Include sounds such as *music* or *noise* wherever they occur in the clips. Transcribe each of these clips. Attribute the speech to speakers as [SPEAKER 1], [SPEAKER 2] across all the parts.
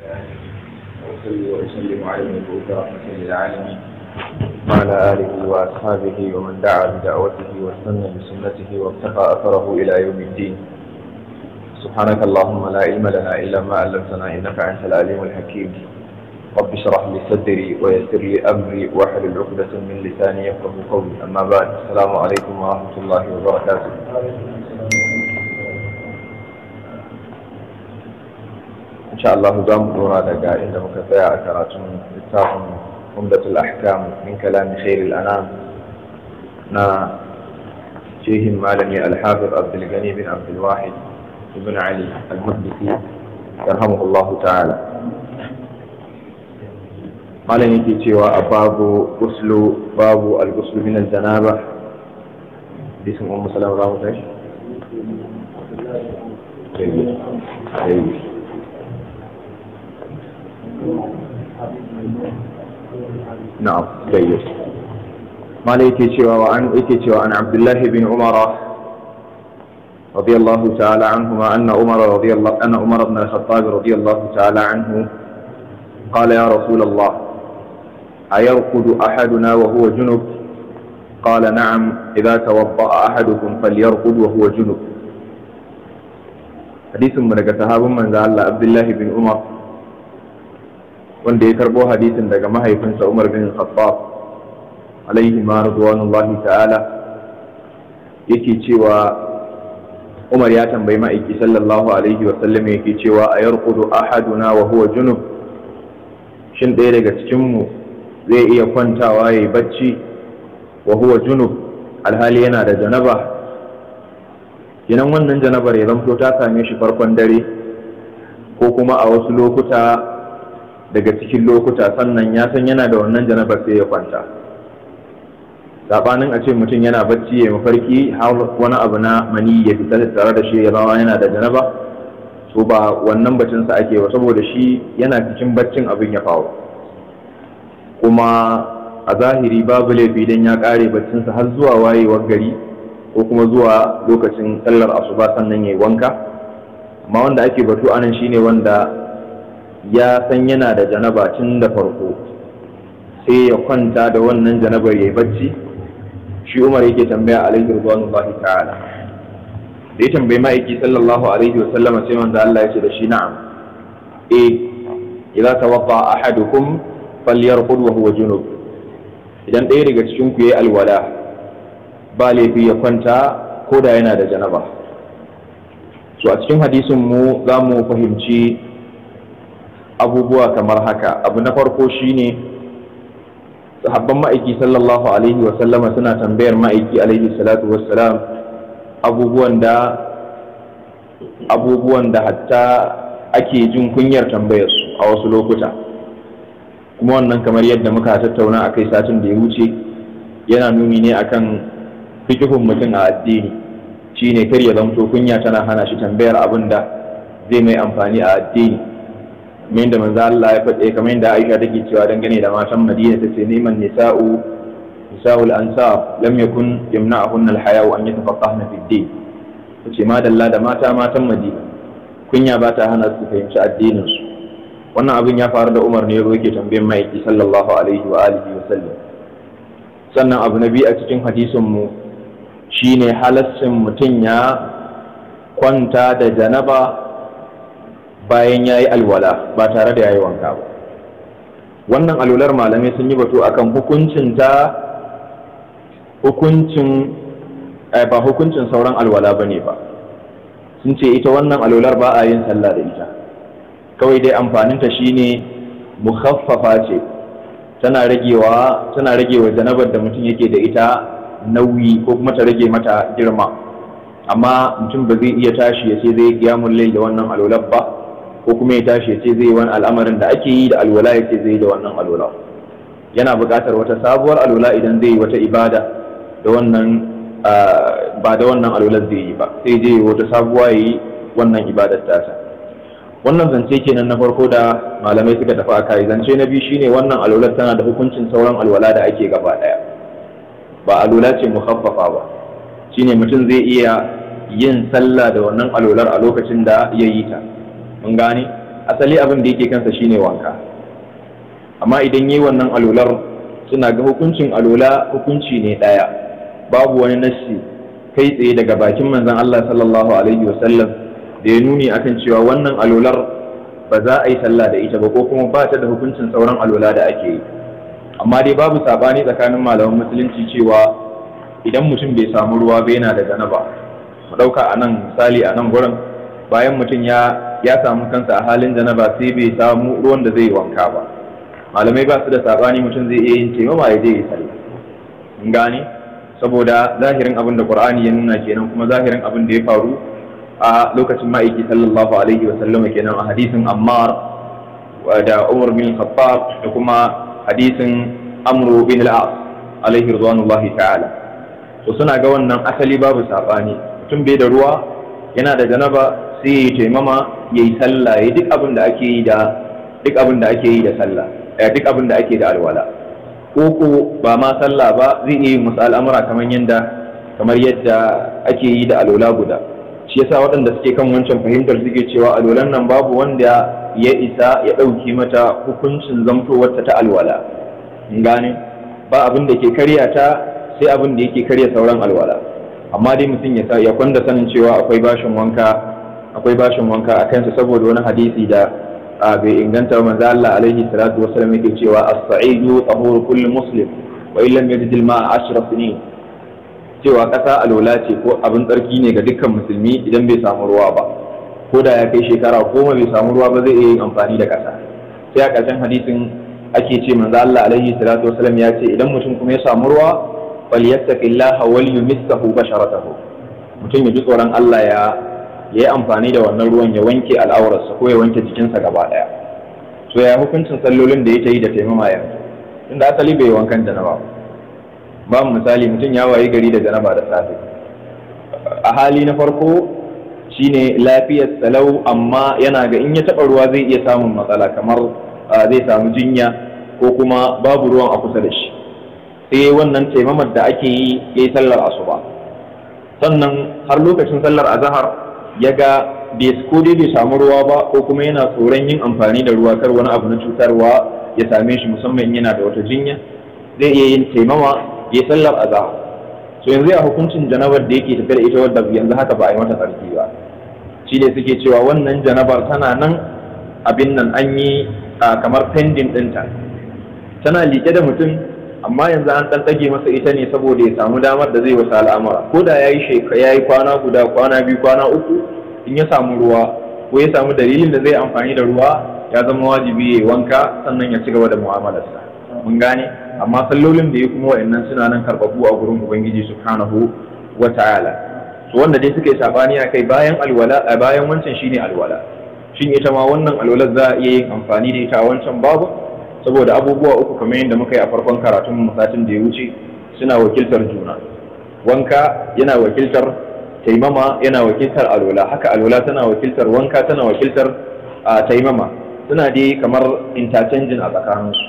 [SPEAKER 1] وأصلي وأسلم على المبعوث رحمة للعالمين وعلى آله وأصحابه ومن دعا بدعوته واستنى بسنته واتقى أثره إلى يوم الدين سبحانك اللهم لا علم لنا إلا ما علمتنا إنك أنت العليم الحكيم رب اشرح لي صدري ويسر لي أمري واحلل عقدة من لساني يفقه قولي أما بعد السلام عليكم ورحمة الله وبركاته شاء الله دام دورا دقا إنه كفايا أثرات كتاب عمدة الأحكام من كلام خير الأنام نا فيهم ما لم الحافظ عبد الغني بن عبد الواحد بن علي المحدثي يرحمه الله تعالى ما لم يأتي وأباب غسل باب الغسل من الجنابة باسم أم سلام رحمه الله طيب طيب نعم جيد ما yake شوى وعن an شوى عن عبد الله بن عمر رضي الله تعالى عنهما أن عمر رضي الله أن عمر بن الخطاب رضي الله تعالى عنه قال يا رسول الله أيرقد أحدنا وهو جنب قال نعم إذا توضأ أحدكم فليرقد وهو جنب حديث من صحاب من قال عبد الله بن عمر wanda ya karbo hadisin daga mahaifinsa Umar bin Khattab alaihi ma radwanullahi ta'ala yake cewa Umar ya tambayi ma'aiki sallallahu alaihi wa sallam yake cewa a yarqudu ahaduna wa huwa junub shin ɗaya daga cikin mu zai iya kwantawa yayi bacci wa huwa junub alhali yana da janaba kenan wannan janabar ya zamto ta same shi farkon dare ko kuma a wasu lokuta daga cikin lokuta sannan ya san yana da wannan janabar sai ya kwanta sabanin a ce mutum yana bacci ya mafarki har wani abu na mani ya fita tare da shi ya zama yana da janaba so ba wannan baccinsa sa ake ba saboda shi yana cikin baccin abin ya faru kuma a zahiri babu laifi dan ya kare baccin sa har zuwa wayewar gari ko kuma zuwa lokacin sallar asuba sannan ya yi wanka amma wanda ake batu anan shine wanda ya san yana da janaba tun da farko sai ya kwanta da wannan janabar ya yi bacci shi umar yake tambaya alaihi rubanullahi ta'ala da ya tambayi ma'aiki sallallahu alaihi wa sallama sai manzo Allah ya ce da shi na'am eh idza tawaffa ahadukum falyarqud wa huwa junub idan ɗaya daga cikin ku yayi alwala ba laifi ya kwanta ko da yana da janaba so a cikin hadisin mu za mu fahimci abubuwa kamar haka abu na farko shine sahabban ma'aiki sallallahu alaihi wa sallama suna tambayar ma'aiki alaihi salatu wassalam abubuwan da abubuwan da hatta ake jin kunyar tambayarsu a wasu lokuta kuma wannan kamar yadda muka tattauna a kai satin da ya wuce yana nuni ne akan fikihun mutum a addini shine kar ya zamto kunya tana hana shi tambayar abin da zai mai amfani a addini kamar yadda manzo Allah ya faɗe kamar yadda Aisha take cewa dangane da matan Madina ta ce neman nisa'u nisa'u al-ansar lam yakun yamna'uhun al-haya an yatafaqahna fi din tace ma dalla da mata matan Madina kunya ba ta hana su fahimci addinin su wannan abin ya faru da Umar ne ya yake tambayar maiki sallallahu alaihi wa alihi wa sallam sannan abu na biyu a cikin hadisin mu shine halassin mutum ya kwanta da janaba bayan ya yi alwala ba tare da ya yi wanka ba wannan alular malamai sun yi batu akan hukuncin ta hukuncin eh, ba hukuncin sauran alwala ba ne ba sun ce ita wannan alular ba a yin sallah da ita kawai dai amfaninta shine mukhaffafa ce tana ragewa tana ragewa janabar da mutum yake da ita nauyi ko kuma ta rage mata girma amma mutum ba zai iya tashi ya ce zai yi kiyamun lai da wannan alular ba ko kuma ya tashi ya ce zai wani al'amarin da ake yi da alwala ya ce zai da wannan alwala yana buƙatar wata sabuwar alwala idan zai yi wata ibada da wannan ba da wannan alwalar zai yi ba sai je wata sabuwa ya yi wannan ibadar tasa wannan zance kenan na farko da malamai suka tafi a kai zance na biyu shine wannan alwalar tana da hukuncin sauran alwala da ake gaba daya ba alwala ce mukhaffafa ba shine mutum zai iya yin sallah da wannan alwalar a lokacin da ya yi ta mun gane asali abin da yake kansa shine wanka amma idan yi wannan alular suna ga hukuncin alula hukunci ne ɗaya babu wani nassi kai tsaye daga bakin manzon Allah sallallahu alaihi wasallam da ya nuni akan cewa wannan alular ba za a yi sallah da ita ba ko kuma ba ta da hukuncin sauran alula da ake yi amma dai babu sabani tsakanin malaman musulunci cewa idan mutum bai samu ruwa ba yana da janaba mu ɗauka a nan misali a nan gurin bayan mutum ya ya samu kansa a halin janaba sai bai samu ruwan da zai wanka ba malamai ba su da sabani mutum zai iya yin taimama ya je ya sallah mun gane saboda zahirin abin da qur'ani ya nuna kenan kuma zahirin abin da ya faru a lokacin ma'aiki sallallahu alaihi wa sallama kenan a hadisin ammar da umar bin khattab da kuma hadisin amru bin al-as alaihi ridwanullahi ta'ala to suna ga wannan asali babu sabani mutum bai da ruwa yana da janaba sai ya ce taimama ya yi sallah ya duk abin da ake yi da duk abin da ake yi da sallah eh, duk abin da ake da alwala koko ba ma sallah ba zai iya yin wasu al'amura kamar yadda kamar yadda ake yi da alola guda shi yasa waɗanda suke kan wancan fahimtar suke cewa alolan nan babu wanda ya isa ya ɗauki mata hukuncin zamtowarta ta alwala gane ba abin da ke karya ta sai abin da yake karya sauran alwala amma dai mutum ya kwanda sanin cewa akwai bashin wanka akwai bashin wanka a kansa saboda wani hadisi da bai inganta manzo Allah alaihi salatu wasallam yake cewa as-sa'idu tahuru kulli muslim wa illam yajid al-ma'a ashraf sinin cewa ƙasa alwala ce ko abin tsarki ne ga dukkan musulmi idan bai samu ruwa ba ko da ya kai shekara goma bai samu ruwa ba zai iya yin amfani da ƙasa sai a ƙarshen hadisin ake ce manzo Allah alaihi salatu wasallam ya ce idan mutum kuma ya samu ruwa falyattaqillaha wal yumittahu basharatahu mutum ya ji tsoron Allah ya ya yi amfani da wannan ruwan ya wanke al'aurarsa ko ya wanke jikinsa gaba ɗaya to ya hukuncin sallolin da ya ta yi da taimama yanzu tunda asali bai wankan janaba ba mu misali mutum ya wayi gari da janaba da safe a hali na farko shine lafiyar salau amma yana ga in ya taɓa ruwa zai iya samun matsala kamar zai samu jinya ko kuma babu ruwan a kusa da shi sai wannan taimamar da ake yi ya yi sallar asuba sannan har lokacin sallar azahar ya ga ko dai bai samu ruwa ba ko kuma yana tsoron yin amfani da ruwa kar wani abu na cutarwa ya same shi musamman in yana da wata jinya zai iya yin taimawa ya sallar azhar so yanzu a hukuncin janabar da yake tafiya da ita wadda yanzu haka ba a yi mata tsarki ba shi ne suke cewa wannan janabar tana nan abin nan an yi kamar pending ɗinta tana liƙe da mutum amma yanzu an ɗan ɗage masa ita ne saboda ya samu damar da zai wasa al'amura ko da ya yi kwana guda kwana biyu kwana uku in ya samu ruwa ko ya samu dalilin da zai amfani da ruwa ya zama wajibi ya wanka sannan ya ci gaba da mu'amalarsa mun gane amma sallolin da ya kuma wa'annan suna nan karɓaɓɓu a gurin ubangiji subhanahu wa ta'ala Su wanda dai suka yi sabani a kai bayan alwala bayan wancan shine alwala shin ita ma wannan alwalar za a iya yin amfani da ita a wancan babu saboda abubuwa uku kamar yadda muka yi a farkon karatun musatin da ya wuce suna wakiltar juna wanka yana wakiltar taimama yana wakiltar alwala haka alwala tana wakiltar wanka tana wakiltar taimama suna dai kamar interchanging a tsakaninsu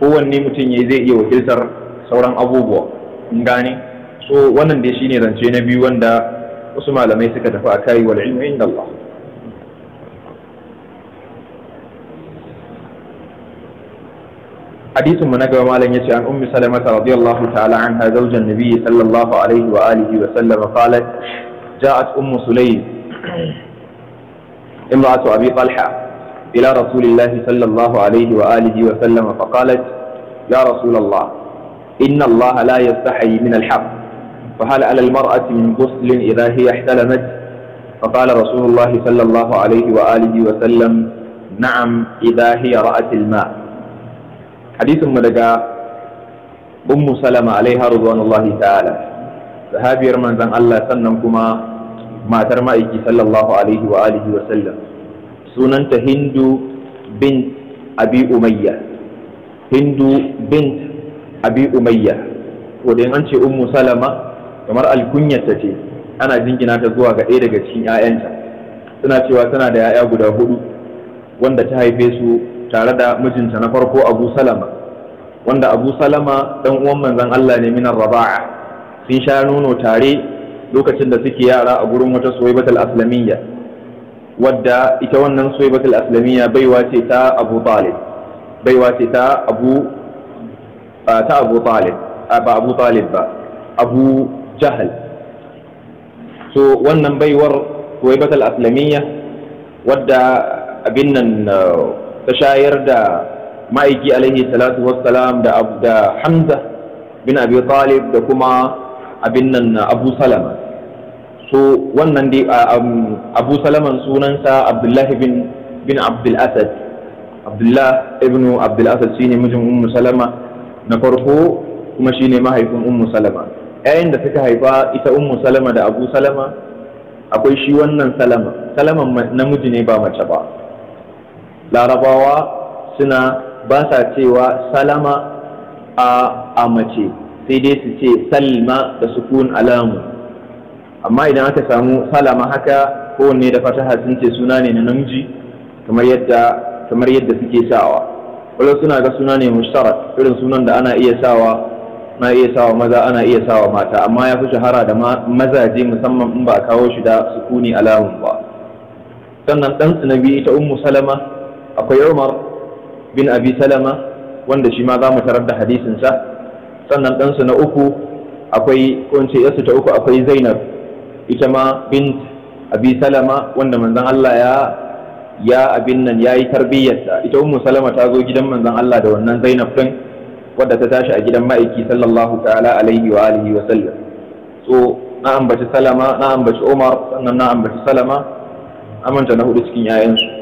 [SPEAKER 1] kowanne mutum ya zai iya wakiltar sauran abubuwa in gane so wannan dai shine rance na biyu wanda wasu malamai suka tafi a kai wal inda Allah حديث من نجوى ما لن عن أم سلمة رضي الله تعالى عنها زوج النبي صلى الله عليه وآله وسلم قالت جاءت أم سليم *clears throat* امرأة أبي طلحة إلى رسول الله صلى الله عليه وآله وسلم فقالت يا رسول الله إن الله لا يستحي من الحق فهل على المرأة من غسل إذا هي احتلمت فقال رسول الله صلى الله عليه وآله وسلم نعم إذا هي رأت الماء hadisin mu daga ummu salama alaiha ridwanullahi ta'ala sahabiyar manzon Allah sannan kuma matar ma'aiki sallallahu alaihi wa alihi wa sallam sunanta hindu bint abi umayya hindu bint abi umayya ko an ce ummu salama kamar alkunyarta ce ana jingina ta zuwa ga ɗaya daga cikin 'ya'yanta suna cewa tana da 'ya'ya guda hudu wanda ta haife su tare da mijinta na farko abu salama wanda abu salama dan uwan manzon Allah ne minar raba'a sun sha nono tare lokacin da suke yara a gurin wata suwaibatul aslamiyya wadda ita wannan suwaibatul aslamiyya baiwa ce ta abu talib baiwa ce ta abu ta abu talib ba abu talib ba abu jahal so wannan baiwar suwaibatul aslamiyya wadda abin nan uh, ta shayar da ma'aiki alaihi salatu wassalam da da hamza bin abi talib da kuma abin nan abu salama so wannan dai abu salaman sunansa abdullahi bin bin abdul asad abdullah ibn abdul asad shine mijin ummu salama na farko kuma shine mahaifin ummu salama yayin da suka haifa ita ummu salama da abu salama akwai shi wannan salama salaman namiji ne ba mace ba larabawa suna ba sa cewa salama a mace sai dai su ce salma da sukun alamu amma idan aka samu salama haka kowanne da fataha sun ce suna ne na namiji kamar yadda suke sawa wala suna ga suna ne mushtarak irin sunan da ana iya sawa na iya sawa maza ana iya sawa mata amma ya fi shahara da mazaje musamman in ba a kawo shi da sukuni alamun ba sannan ɗansu na biyu ita ummu salama akwai Umar bin Abi Salama wanda shi ma za mu tarar da hadisin sa sannan ɗansu na uku akwai ko ce yasu ta uku akwai Zainab ita ma bint Abi Salama wanda manzon Allah ya ya abin nan yayi tarbiyyarta ita ummu Salama ta zo gidan manzon Allah da wannan Zainab din wadda ta tashi a gidan ma'aiki sallallahu ta'ala alaihi wa alihi wa sallam so na ambaci salama na ambaci umar sannan na ambaci salama amanta na hudu cikin yayansu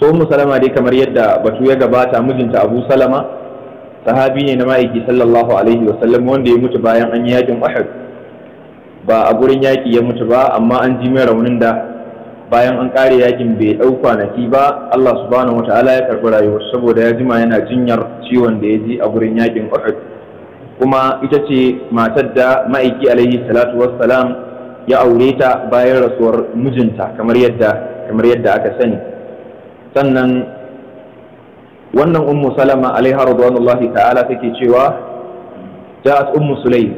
[SPEAKER 1] to mu salama dai kamar yadda batu ya gabata mijinta abu salama sahabi ne na ma'aiki sallallahu alaihi wa sallam wanda ya mutu bayan an yi yakin uhud ba a gurin yaki ya mutu ba amma an ji mai raunin da bayan an kare yakin bai dau kwanaki ba Allah subhanahu wataala ya karbi rayuwar saboda ya jima yana jinyar ciwon da ya ji a gurin yakin uhud kuma ita ce matar da ma'aiki alaihi salatu wassalam ya aure ta bayan rasuwar mijinta kamar yadda kamar yadda aka sani sannan wannan ummu salama alaiha radwanullahi ta'ala take cewa ja'at ummu sulaim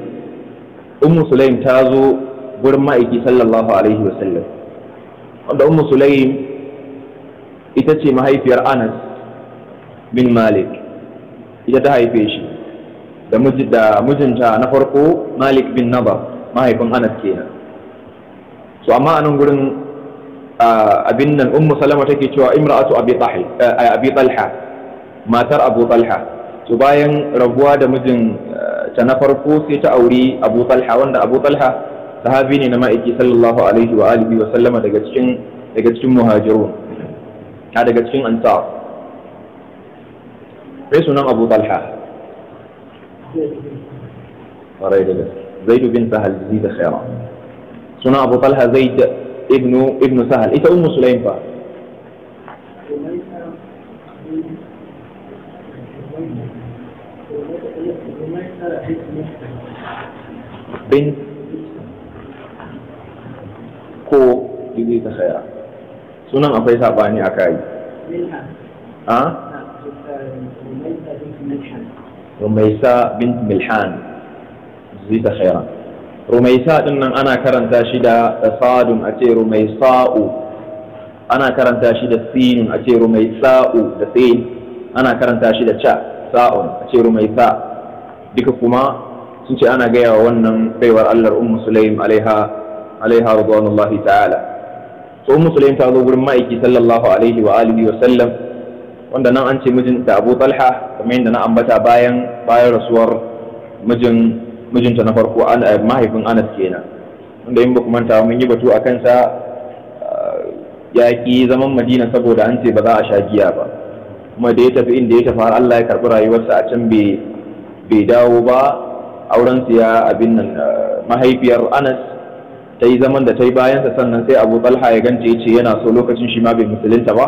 [SPEAKER 1] ummu sulaim ta zo gurin ma'aiki sallallahu alaihi wa sallam. wanda ummu sulaim ita ce mahaifiyar anas bin malik ita ta haife shi da mijinta na farko malik bin naba mahaifin anas kenan so amma a nan gurin abin nan ummu salama take cewa imra'atu abi talha eh, abi talha matar abu talha to bayan rabuwa da mijin eh, ta na farko sai ta auri abu talha wanda abu talha sahabi ne na ma'aiki sallallahu alaihi wa alihi wa sallama daga cikin daga cikin muhajirun ta daga cikin ansar sai sunan abu talha ƙwarai da gaske zaidu bin sahal da khaira sunan abu talha zaid ابن ابنه سهل انت ام سليم بقى بنت كو دي دي سنن ابي صاحب اني يعني اكاي ها رميسا بنت ملحان زيد خيرا rumaisa din nan ana karanta shi da tsadun a ce rumaisa'u ana karanta shi da sinun a ce rumaisa'u da sin ana karanta shi da ca sa'un a ce rumaisa duka kuma sun ce ana gaya wa wannan baiwar Allah ummu sulaim alaiha alaiha radwanullahi ta'ala so ummu sulaim ta zo gurin ma'aiki sallallahu alaihi wa alihi wa sallam wanda nan an ce mijin da Abu Talha kamar yadda na ambata bayan bayan rasuwar mijin mijinta na farko eh, mahaifin anas kenan inda in ba manta mun yi batu a kansa eh, ya ki zaman madina saboda an ce ba za a sha giya ba kuma da ya tafi inda ya tafi har Allah ya karbi rayuwarsa a can bai dawo ba auren ya abin nan eh, mahaifiyar anas ta yi zaman da ta yi bayansa sannan sai abu talha ya ganta ya ce yana so lokacin shi ma bai musulunta ba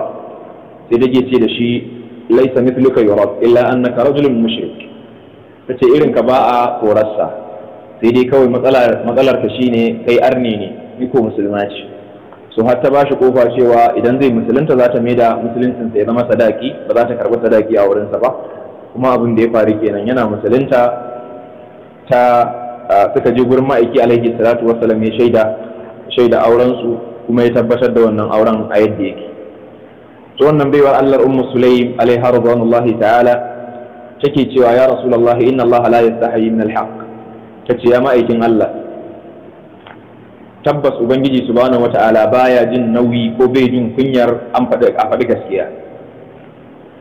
[SPEAKER 1] sai da ce da shi laisa mithluka yurab illa annaka rajulun mushrik ta ce irin ka ba a korarsa sai dai kawai matsalar ka shine kai arne ne iko ko musulma ce su har ba shi kofa cewa idan zai musulunta za ta maida musuluncin ya zama sadaki ba za ta karɓi sadaki a wurinsa ba kuma abin da ya faru kenan yana musulunta ta suka je gurin ma'aiki alaihi salatu wassalam ya shaida aurensu kuma ya tabbatar da wannan auren a yadda yake to wannan baiwar Allah ummu sulaim alaiha radwanullahi ta'ala take cewa ya rasulullah inna allaha la yastahi min alhaq tace ya ma'aikin Allah tabbas ubangiji subhanahu wata'ala baya jin nauyi ko bai jin kunyar an faɗi a faɗi gaskiya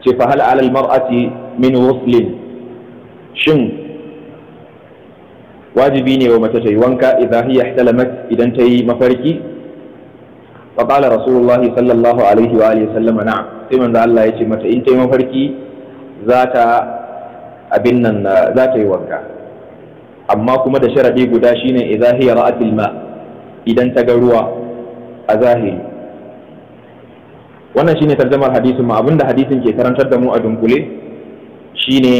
[SPEAKER 1] ce fa hal alal mar'ati min wuslin shin wajibi ne wa mace ta yi wanka idan hiya ihtalamat idan ta yi mafarki fa qala rasulullah sallallahu alaihi wa alihi sallama na'am sai manzo Allah ya ce mata in ta yi mafarki za ta abin nan eh, za ta yi wanka amma kuma da sharadi guda shine idza hiya ra'atil ma idan ta ga ruwa a zahiri wannan shine tarjamar hadisin ma abinda hadisin ke karantar da mu a dunkule shine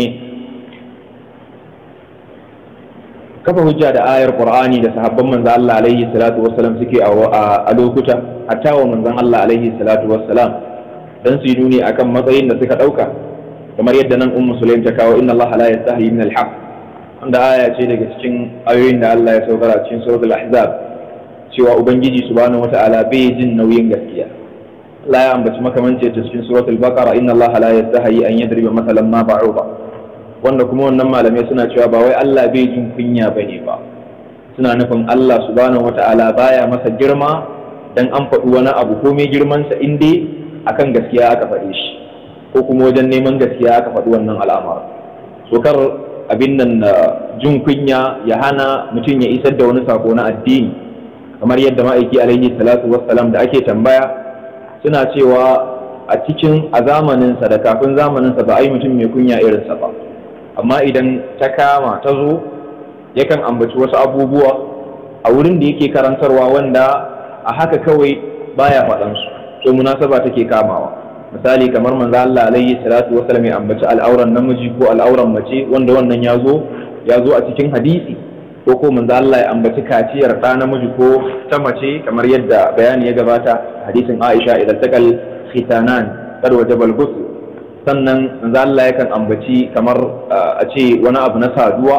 [SPEAKER 1] kafa hujja da ayar qur'ani da sahabban manzo Allah alaihi salatu wassalam suke a lokuta hatta wa manzon Allah alaihi salatu wassalam dan su yi nuni akan matsayin da suka dauka kamar yadda nan ummu sulaim ta kawo inna allaha la yastahi min al wanda aya ce daga cikin ayoyin da Allah ya saukara cikin suratul ahzab cewa ubangiji subhanahu wata'ala bai jin nauyin gaskiya Allah ya ambaci makamance ta cikin suratul baqara inna allaha la yastahi an yadriba masalan ma ba'uba wanda kuma wannan malamai suna cewa ba wai Allah bai jin kunya bane ba suna nufin Allah subhanahu wata'ala baya masa girma dan an faɗi wani abu ko mai girmansa in dai akan gaskiya aka faɗe shi ko kuma wajen neman gaskiya aka faɗi wannan al'amar so kar abin nan uh, jin kunya ya hana mutum ya isar da wani sako na addini kamar yadda ma'aiki alaihi salatu wassalam da ake tambaya suna cewa a cikin a zamaninsa da kafin zamaninsa ba a yi mutum mai kunya irinsa ba amma idan ta kama ta zo yakan ambaci wasu abubuwa a wurin da yake karantarwa wanda a haka kawai baya faɗansu so munasaba take kamawa misali kamar manzo Allah alaihi salatu wasallam ya ambaci al'auran namiji ko al'auran mace wanda wannan ya zo ya zo a cikin hadisi ko ko manzo Allah ya ambaci kaciyar ta namiji ko ta mace kamar yadda bayani ya gabata hadisin Aisha idan takal khitanan kar wajabal ghusl sannan manzo Allah yakan ambaci kamar uh, a ce wani abu na saduwa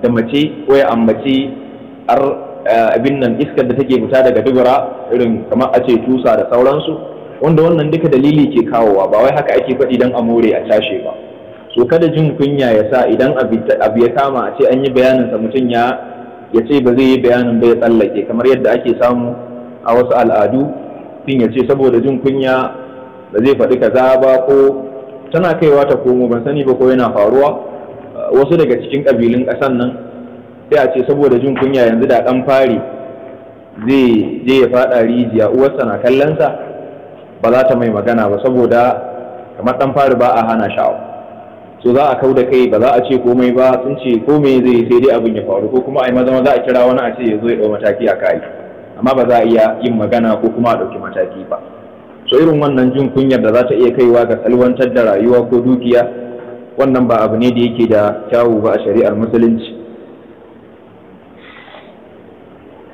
[SPEAKER 1] da mace ko ya ambaci ar uh, abin nan iskar da take fita daga dubura irin kamar a ce tusa da sauransu wanda wannan duka dalili ke kawowa ba wai haka ake faɗi don a more a tashe ba so kada jin kunya ya sa idan abu ya kama a ce an yi bayanin sa mutum ya ya ce ba zai yi bayanin ba ya tsallake kamar yadda ake samu a wasu al'adu sun ya ce saboda jin kunya ba zai faɗi kaza ba ko tana kaiwa ta komo ban sani ba ko yana faruwa wasu daga cikin ƙabilun ƙasan nan sai a ce saboda jin kunya yanzu da ɗan fari zai je ya faɗa rijiya uwarsa na kallon sa ba za ta mai magana ba saboda kamar ɗan fari ba a hana sha'awa so za a kau da kai ba za a ce komai ba sun ce komai zai sai dai abin ya faru ko kuma a yi maza za a kira wani a ce ya zo ya ɗau mataki a kai amma ba za a iya yin magana ko kuma a ɗauki mataki ba so irin wannan jin kunyar da za ta iya kaiwa ga salwantar da rayuwa ko dukiya wannan ba abu ne da yake da kyawu ba a shari'ar musulunci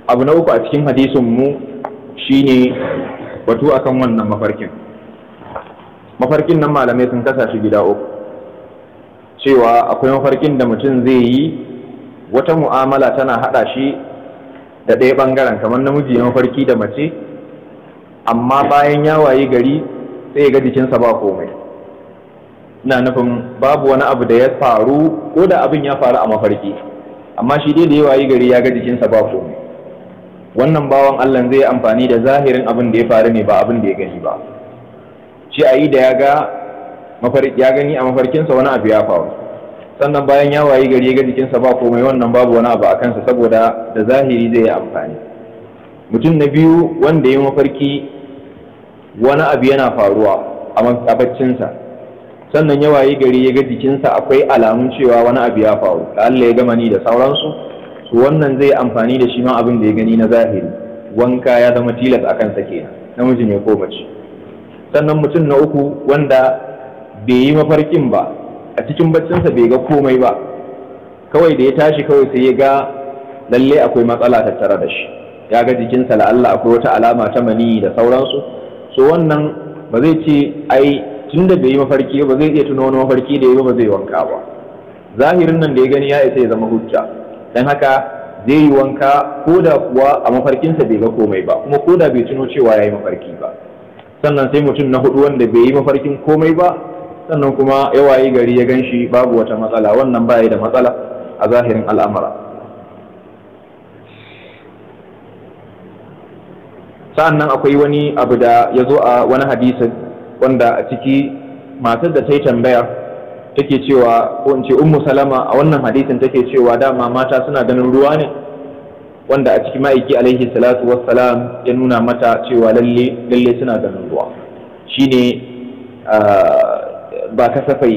[SPEAKER 1] abu na uku a cikin hadisin mu shine batu akan wannan mafarkin mafarkin nan malamai sun kasa shi gida uku cewa akwai mafarkin da mutum zai yi wata mu'amala tana haɗa shi da ɗaya ɓangaren kamar namiji ya mafarki da mace amma bayan ya wayi gari sai ga jikinsa ba komai ina nufin babu wani abu da ya faru ko da abin ya faru a mafarki amma shi dai da ya wayi gari ya ga jikinsa ba komai wannan bawan Allah zai amfani da zahirin abin da ya faru ne ba abin da ya gani ba shi a yi da ya ga ya gani a mafarkinsa wani abu ya faru sannan bayan ya wayi gari ya ga jikinsa ba komai wannan babu wani abu a kansa saboda da zahiri zai yi amfani mutum na biyu wanda ya mafarki wani abu yana faruwa a baccinsa sannan ya wayi gari ya ga jikinsa akwai alamun cewa wani abu ya faru da Allah ya gama ni da sauransu to wannan zai amfani da shi ma abin da ya gani na zahiri wanka ya zama tilas a kansa kenan namiji ne ko mace sannan mutum na uku wanda bai yi mafarkin ba a cikin baccinsa bai ga komai ba kawai da ya tashi kawai sai ya ga lalle akwai matsala tattare da shi ya ga jikinsa la'alla akwai wata alama ta mani da sauransu so wannan ba zai ce ai tun da bai yi mafarki ba zai iya tuna wani mafarki da ya ba zai wanka ba zahirin nan da ya gani ya isa ya zama hujja dan haka zai yi wanka ko da kuwa a mafarkinsa bai ga komai ba kuma ko da bai tuno cewa ya yi mafarki ba sannan sai mutum na hudu wanda bai yi mafarkin komai ba sannan kuma ya gari ya gan shi babu wata matsala wannan ba da matsala a zahirin al'amura sa'annan akwai wani abu da ya zo a wani hadisin wanda a ciki matar da ta yi tambaya take cewa ko in ce ummu salama a wannan hadisin take cewa dama mata suna ganin ruwa ne wanda a cikin ma'aiki alaihi salatu wassalam ya nuna mata cewa lalle lalle suna ganin ruwa shine ba kasafai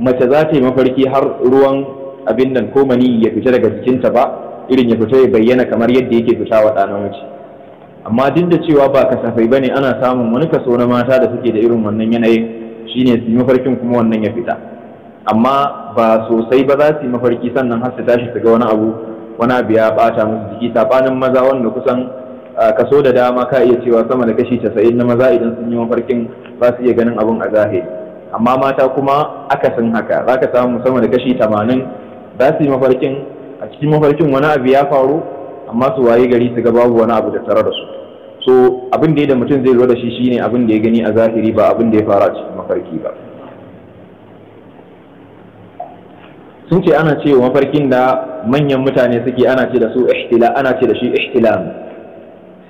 [SPEAKER 1] mace za ta yi mafarki har ruwan abin nan ko mani ya fita daga jikinta ba irin ya fita ya bayyana kamar yadda yake fita wa ɗan mace amma duk da cewa ba kasafai bane ana samun wani kaso na mata da suke da irin wannan yanayin shine su mafarkin kuma wannan ya fita amma ba sosai ba za su yi mafarki sannan har su tashi su ga wani abu wani abu ya bata musu jiki tabanin maza wanda kusan kaso da dama ka iya cewa sama da kashi casa'in na maza idan sun yi mafarkin ba su iya ganin abun a zahiri amma mata kuma akasin haka za ka samu sama da kashi tamanin za su yi mafarkin a cikin mafarkin wani abu ya faru amma su waye gari su ga babu wani abu da tare da su so abin da ya da mutum zai lura da shi shine abin da ya gani a zahiri ba abin da ya fara cikin mafarki ba sun ce ana ce mafarkin da manyan mutane suke ana ce da su ihtila ana ce da shi ihtilam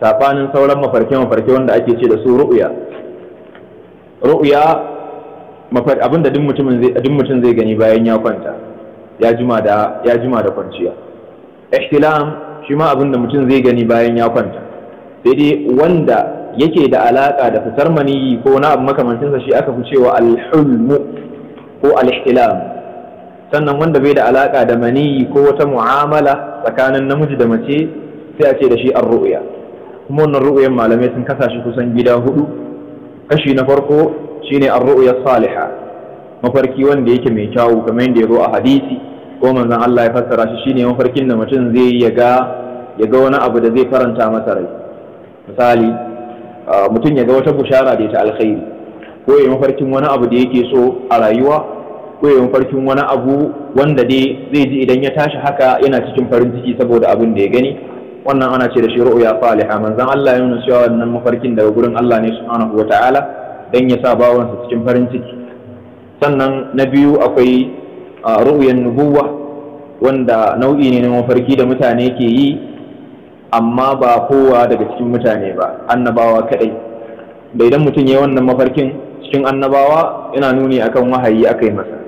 [SPEAKER 1] safanin sauran mafarke mafarke wanda ake ce da su ru'ya ru'ya mafarki abinda duk mutumin zai duk mutum zai gani bayan ya kwanta ya jima da ya jima da kwanciya ihtilam shi ma abinda mutum zai gani bayan ya kwanta sai dai wanda yake da alaka da fitar maniyi ko na abu makamancinsa shi aka fi cewa alhulmu ko alihtilam sannan wanda bai da alaka da maniyi ko wata mu'amala tsakanin namiji da mace sai a ce da shi an ru'ya kuma wannan ru'yan malamai sun kasa shi kusan gida hudu kashi na farko shine an ru'ya saliha mafarki wanda yake mai kyawu kamar yadda ya zo a hadisi ko manzon Allah ya fassara shi shine mafarkin da mutum zai ya ga ya wani abu da zai faranta masa rai misali ah, mutum ya wata bushara da ta alkhairi ko ya mafarkin wani abu da yake so a rayuwa ko mafarkin farkin wani abu wanda dai zai ji idan ya tashi haka yana cikin farin ciki saboda abin da ya gani wannan ana ce da shi ru'ya saliha manzon Allah ya nuna cewa wannan mafarkin daga gurin Allah ne subhanahu wata'ala dan ya sa bawansa cikin farin ciki sannan na biyu akwai ru'yan nubuwa wanda nau'i ne na mafarki da mutane ke yi amma ba kowa daga cikin mutane ba annabawa kadai da idan mutum ya yi wannan mafarkin cikin annabawa yana nuni akan wahayi aka yi masa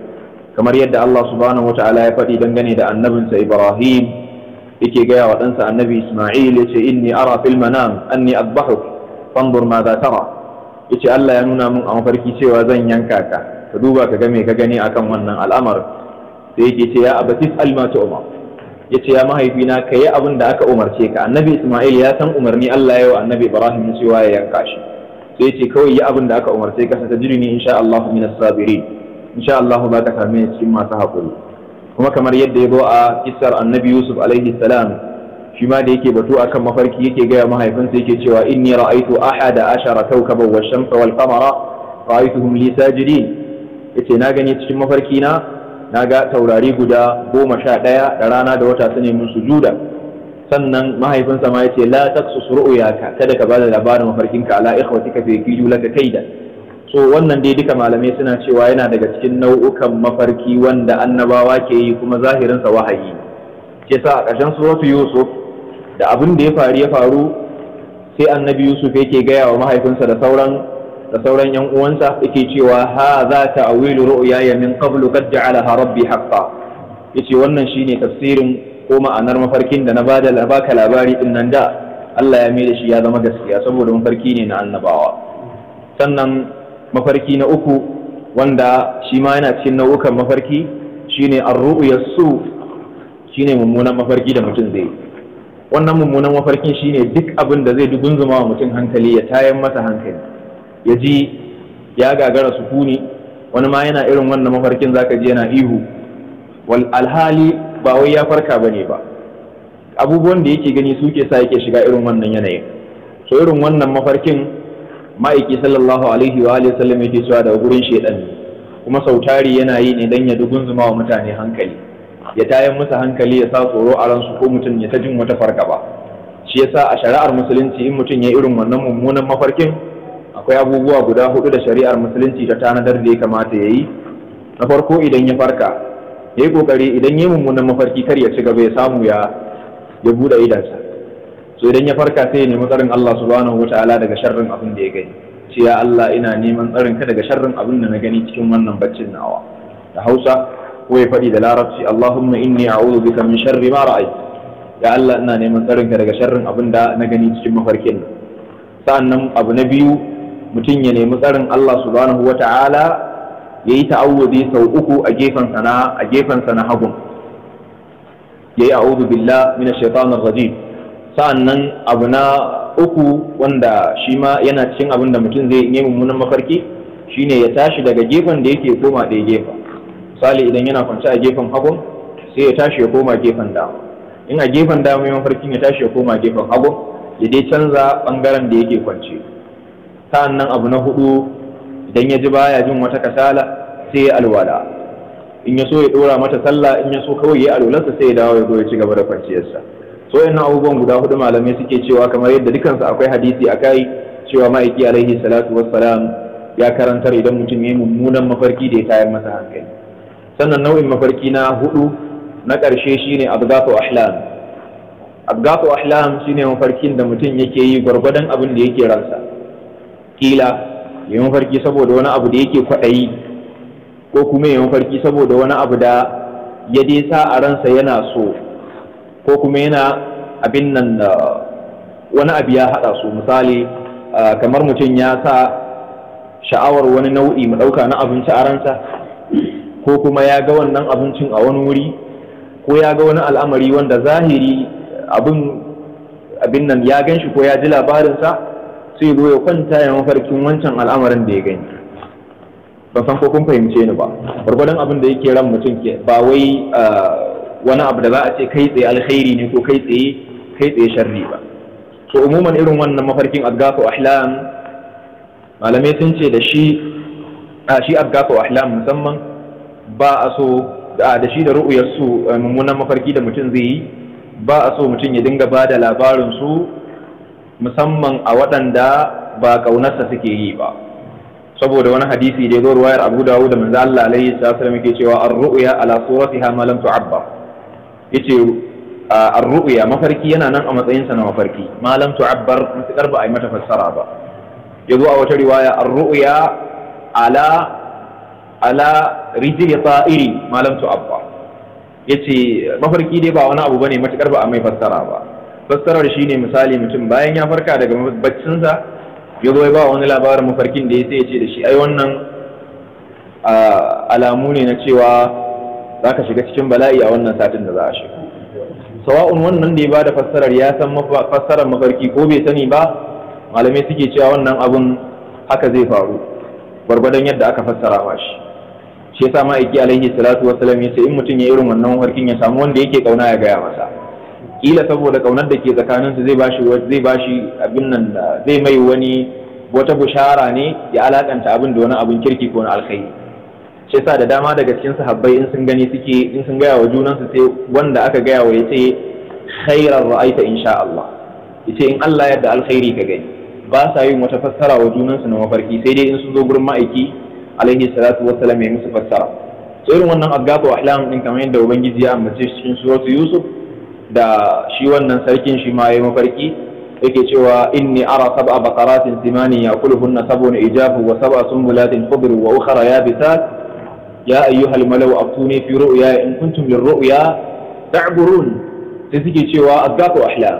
[SPEAKER 1] kamar yadda Allah subhanahu wata'ala ya faɗi dangane da annabinsa Ibrahim yake gaya wa ɗansa annabi Ismail yace inni ara fil manam anni adbahuk fanzur ma za tara yace Allah ya nuna min a mafarki cewa zan yanka ka ka duba ka ga me ka gani akan wannan al'amar sai yake ce ya abatis alma tu'ma yace ya mahaifina ka yi abin da aka umarce ka annabi Ismail ya san umarni Allah ya yi wa annabi Ibrahim cewa ya yanka shi sai yace kawai yi abin da aka umarce ka sa tajrini insha Allah minas sabirin insha Allah za ka same cikin masu haƙuri kuma kamar yadda ya zo a kisar annabi Yusuf alaihi salam shi ma da yake batu akan mafarki yake gaya mahaifinsa yake cewa inni ra'aitu ahada ashara kawkaban wa shamsa wal qamara ra'aituhum li sajidin yace na gani cikin mafarki na na ga taurari guda goma sha ɗaya da rana da wata su ne mun sujuda sannan mahaifinsa ma yace la taqsus ru'yaka kada ka bada labarin mafarkinka ala ikhwatika fi kiju laka kaida so wannan dai duka malamai suna cewa yana daga cikin nau'ukan mafarki wanda annabawa ke yi kuma zahirinsa wahayi ke sa a ƙarshen suratu yusuf da abin da ya faru ya faru sai annabi yusuf yake gaya wa mahaifinsa da sauran da sauran yan uwansa yake cewa ha za ta awilu ya min qablu qad ja'alaha rabbi ya yace wannan shine tafsirin ko ma'anar mafarkin da na bada baka labari din nan da Allah ya mai da shi ya zama gaskiya saboda mafarki ne na annabawa sannan mafarki na uku wanda shi ma yana cikin nau'ukan mafarki shine ar ya su shine mummunan mafarki da mutum zai wannan mummunan mafarkin shine duk abin da zai dugunzuma wa mutum hankali ya tayan masa hankali ya ji ya gagara sukuni wani ma yana irin wannan mafarkin zaka ji yana ihu wal alhali ba wai ya farka bane ba abubuwan da yake gani suke sa yake shiga irin wannan yanayin so irin wannan mafarkin ma'aiki sallallahu alaihi wa alihi sallam yake cewa daga gurin shedan kuma sautari yana yi ne dan ya dugunzuma wa mutane hankali ya tayan musu hankali ya sa tsoro a ransu ko mutum ya ta jin wata fargaba shi yasa a shari'ar musulunci in mutum ya irin wannan mummunan mafarkin akwai abubuwa guda hudu da shari'ar musulunci ta tanadar da ya kamata ya yi na farko idan ya farka ya yi kokari idan ya yi mummunan mafarki kar ya ci gaba ya samu ya ya buɗe idansa so idan ya farka sai ya nemi tsarin Allah subhanahu wataala daga sharrin abin da ya gani ce ya Allah ina neman tsarin ka daga sharrin abin da na gani cikin wannan baccin nawa da Hausa ko ya faɗi da Larabci Allahumma inni a'udhu bika min sharri ma ra'ayt ya Allah ina neman tsarin ka daga sharrin abin da na gani cikin mafarkin sa'annan abu na biyu mutum ya nemi tsarin Allah subhanahu ya yayi ta'awudi sau uku a gefen sana a gefen sana hagun yayi a'udhu billah minash shaitanir rajim sa'annan abu na uku wanda shi ma yana cikin abin da mutum zai yi mummunan mafarki shine ya tashi daga gefen da yake koma ɗaya gefen misali idan yana kwance a gefen hagun sai ya tashi ya koma gefen dama in a gefen dama ya mafarkin ya tashi ya koma gefen hagun ya dai canza bangaren da yake kwance sa'annan abu na hudu idan ya ji baya jin wata kasala sai ya alwala in ya so ya dora mata sallah in ya so kawai ya alwalarsa sai ya dawo ya zo ya ci gaba da kwanciyarsa so yana abubuwan guda hudu malamai suke cewa kamar yadda dukansu akwai hadisi a kai cewa ma'aiki alaihi salatu wassalam ya karantar idan mutum ya yi mummunan mafarki da ya tayar masa hankali sannan nau'in mafarki na hudu na ƙarshe shine abghafu ahlam abghafu ahlam shine mafarkin da mutum yake yi gwargwadon abin da yake ransa kila ya mafarki saboda wani abu da yake kwaɗayi ko kuma ya mafarki saboda wani abu da ya dai sa a ransa yana so ko kuma yana abin nan ah, wani abu ya haɗa su misali ah, kamar mutum ya sa sha'awar wani nau'i mu ɗauka na abinci a ransa ko kuma ya ga wannan abincin a wani wuri ko ya ga wani al'amari wanda zahiri abin nan ya gan shi ko ya ji labarinsa sai zo ya kwanta ya mafarkin wancan al'amarin da ya gani ba san ko kun fahimce ni ba gwargwadon abin da yake ran mutum ke ba wai ah, wani abu da za a ce kai tsaye alkhairi ne ko kai tsaye kai tsaye sharri ba so umuman irin wannan mafarkin adgafu ahlam malamai sun ce da shi a shi adgafu ahlam musamman ba a so da shi da ru'uyar su mummunan mafarki da mutum zai yi ba a so mutum ya dinga ba da labarin su musamman a waɗanda ba kaunarsa suke yi ba saboda wani hadisi da ya zo ruwayar abu dawo da manzo Allah alaihi salatu yake cewa ar-ru'ya ala ha ma lam tu'abba yace ar-ru'ya mafarki yana nan a matsayin sa na mafarki malam tu'abbar mutakar ba a yi mata fassara ba yazo a wata riwaya ar-ru'ya ala ala rijli ta'iri malam abba yace mafarki dai ba wani abu bane matakar ba a mai fassara ba fassarar ne misali mutum bayan ya farka daga baccinsa ya zo ya ba wani labarin mafarkin da ya yace da shi ai wannan alamu ne na cewa za ka shiga cikin bala'i a wannan satin da za a shiga sawa'un wannan da ya bada fassarar ya san fassarar mafarki ko bai sani ba malamai suke cewa wannan abun haka zai faru gwargwadon yadda aka fassara ma shi shi yasa ma'aiki alaihi salatu wa ya ce in mutum ya irin wannan mafarkin ya samu wanda yake kauna ya gaya masa kila saboda kaunar da ke tsakaninsu zai bashi zai bashi abin nan da zai mai wani wata bushara ne ya alakanta abin da wani abin kirki ko na alkhairi shi sa da dama daga cikin sahabbai in sun gani suke in sun gaya wa junansu sai wanda aka gaya wa yace khairar ra'aita insha Allah yace in Allah yadda alkhairi ka gani ba sa yin wata fassara wa junansu na mafarki sai dai in sun zo gurin ma'aiki alaihi salatu salam ya musu fassara sai irin wannan wa ahlam din kamar yadda ubangiji ya ambace shi cikin suratu yusuf da shi wannan sarkin shi ma yayi mafarki yake cewa inni ara sab'a baqaratin simani yakuluhunna sab'un ijabu wa sab'a sunbulatin khudr wa ukhra yabisat ya ayyuhal malau abtuni fi ru'ya in kuntum lirru'ya ta'burun sai suke cewa azdafu ahlam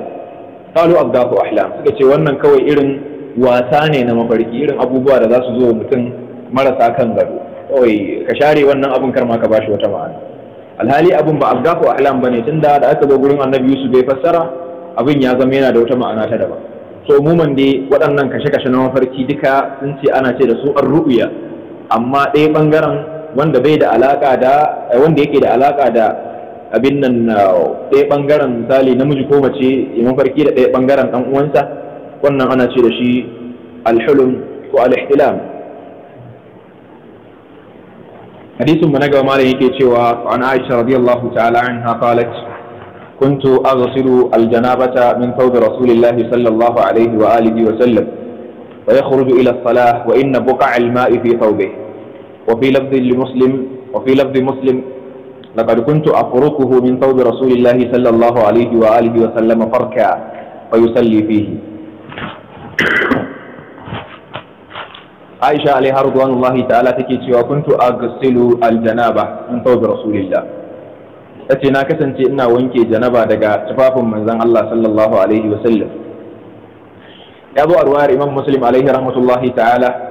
[SPEAKER 1] qalu azdafu ahlam suka ce wannan kawai irin wasa ne na mafarki irin abubuwa da za su zo wa mutum marasa kan gado kawai ka share wannan abin kar ma ka bashi wata ma'ana alhali abin ba azdafu ahlam bane tunda da aka zo gurin annabi Yusuf bai fassara abin ya zama yana da wata ma'ana ta daban so umuman dai waɗannan kashe-kashe na mafarki duka sun ce ana ce da su an ru'uya amma ɗaya ɓangaren wanda bai da alaka da eh, wanda yake da alaka da abin nan eh, ɗaya ɓangaren misali namiji ko mace ya mafarki da ɗaya ɓangaren ɗan uwansa wannan ana ce da shi alhulum ko alihtilam hadisin mu na gaba malam yake cewa an Aisha radiyallahu ta'ala anha qalat kuntu aghsilu aljanabata min thawb rasulillahi sallallahu alaihi wa alihi wa sallam ويخرج إلى الصلاة وإن بقع الماء في ثوبه وفي لفظ لمسلم وفي لفظ مسلم لقد كنت أفركه من ثوب رسول الله صلى الله عليه وآله وسلم فركا فيصلي فيه عائشة عليها رضوان الله تعالى تكيت وكنت أغسل الجنابة من ثوب رسول الله أتينا كسنت إنا وينكي جنابة دقا تفاف من زن الله صلى الله عليه وسلم يا أبو أروار إمام مسلم عليه رحمة الله تعالى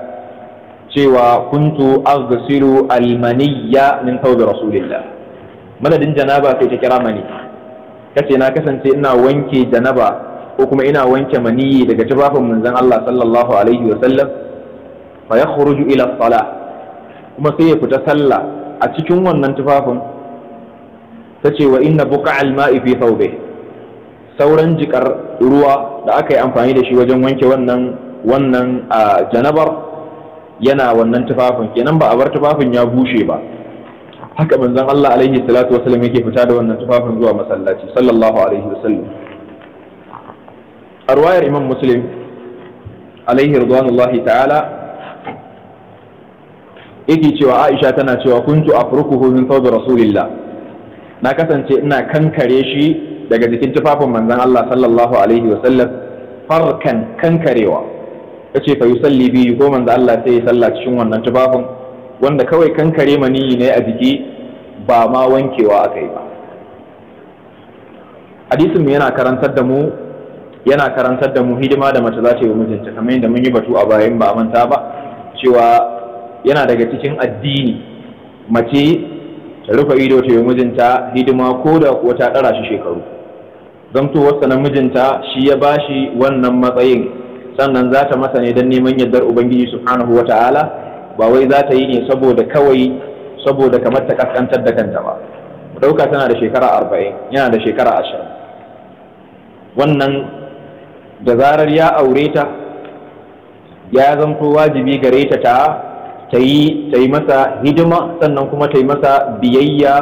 [SPEAKER 1] cewa kuntu aghsilu almaniyya min thawbi rasulillah madadin janaba sai ta kira mani kace na kasance ina wanke janaba ko kuma ina wanke maniyi daga tufafin manzon Allah sallallahu alaihi wa sallam fa yakhruju ila salah kuma sai ya fita sallah a cikin wannan tufafin tace wa inna buqa alma'i fi thawbihi sauran jikar ruwa da aka yi amfani da shi wajen wanke wannan wannan janabar yana wannan tufafin kenan ba a bar tufafin ya bushe ba haka manzon Allah alaihi salatu wasallam yake fita da wannan tufafin zuwa masallaci sallallahu alaihi wasallam a ruwayar imam muslim alaihi ridwanullahi ta'ala yake cewa Aisha tana cewa kuntu afrukuhu min thawb rasulillah na kasance ina kankare shi daga jikin tufafin manzon Allah sallallahu alaihi farkan kankarewa Ka ce fa salli biyu ko manzo Allah sai ya salla cikin wannan tubafin wanda kawai kankare maniyi ne a jiki ba ma wankewa a kai ba hadisin mu yana karantar da mu yana karantar da mu hidima da mace za ta yi mijinta kamar yadda mun yi batu a bayan ba manta ba cewa yana daga cikin addini mace ta rufe ido ta yi mijinta hidima ko da kuwa ta ɗara shi shekaru wasu na mijinta shi ya bashi wannan matsayin sannan za ta masa ne don neman yardar ubangiji subhanahu wa ta'ala ba wai za ta yi ne saboda kawai saboda kamar ta kaskantar da kanta ba ɗauka tana da shekara arba'in yana da shekara ashirin wannan da zarar ya aure ta ya zanto wajibi gare ta ta ta yi masa hidima sannan kuma ta yi masa biyayya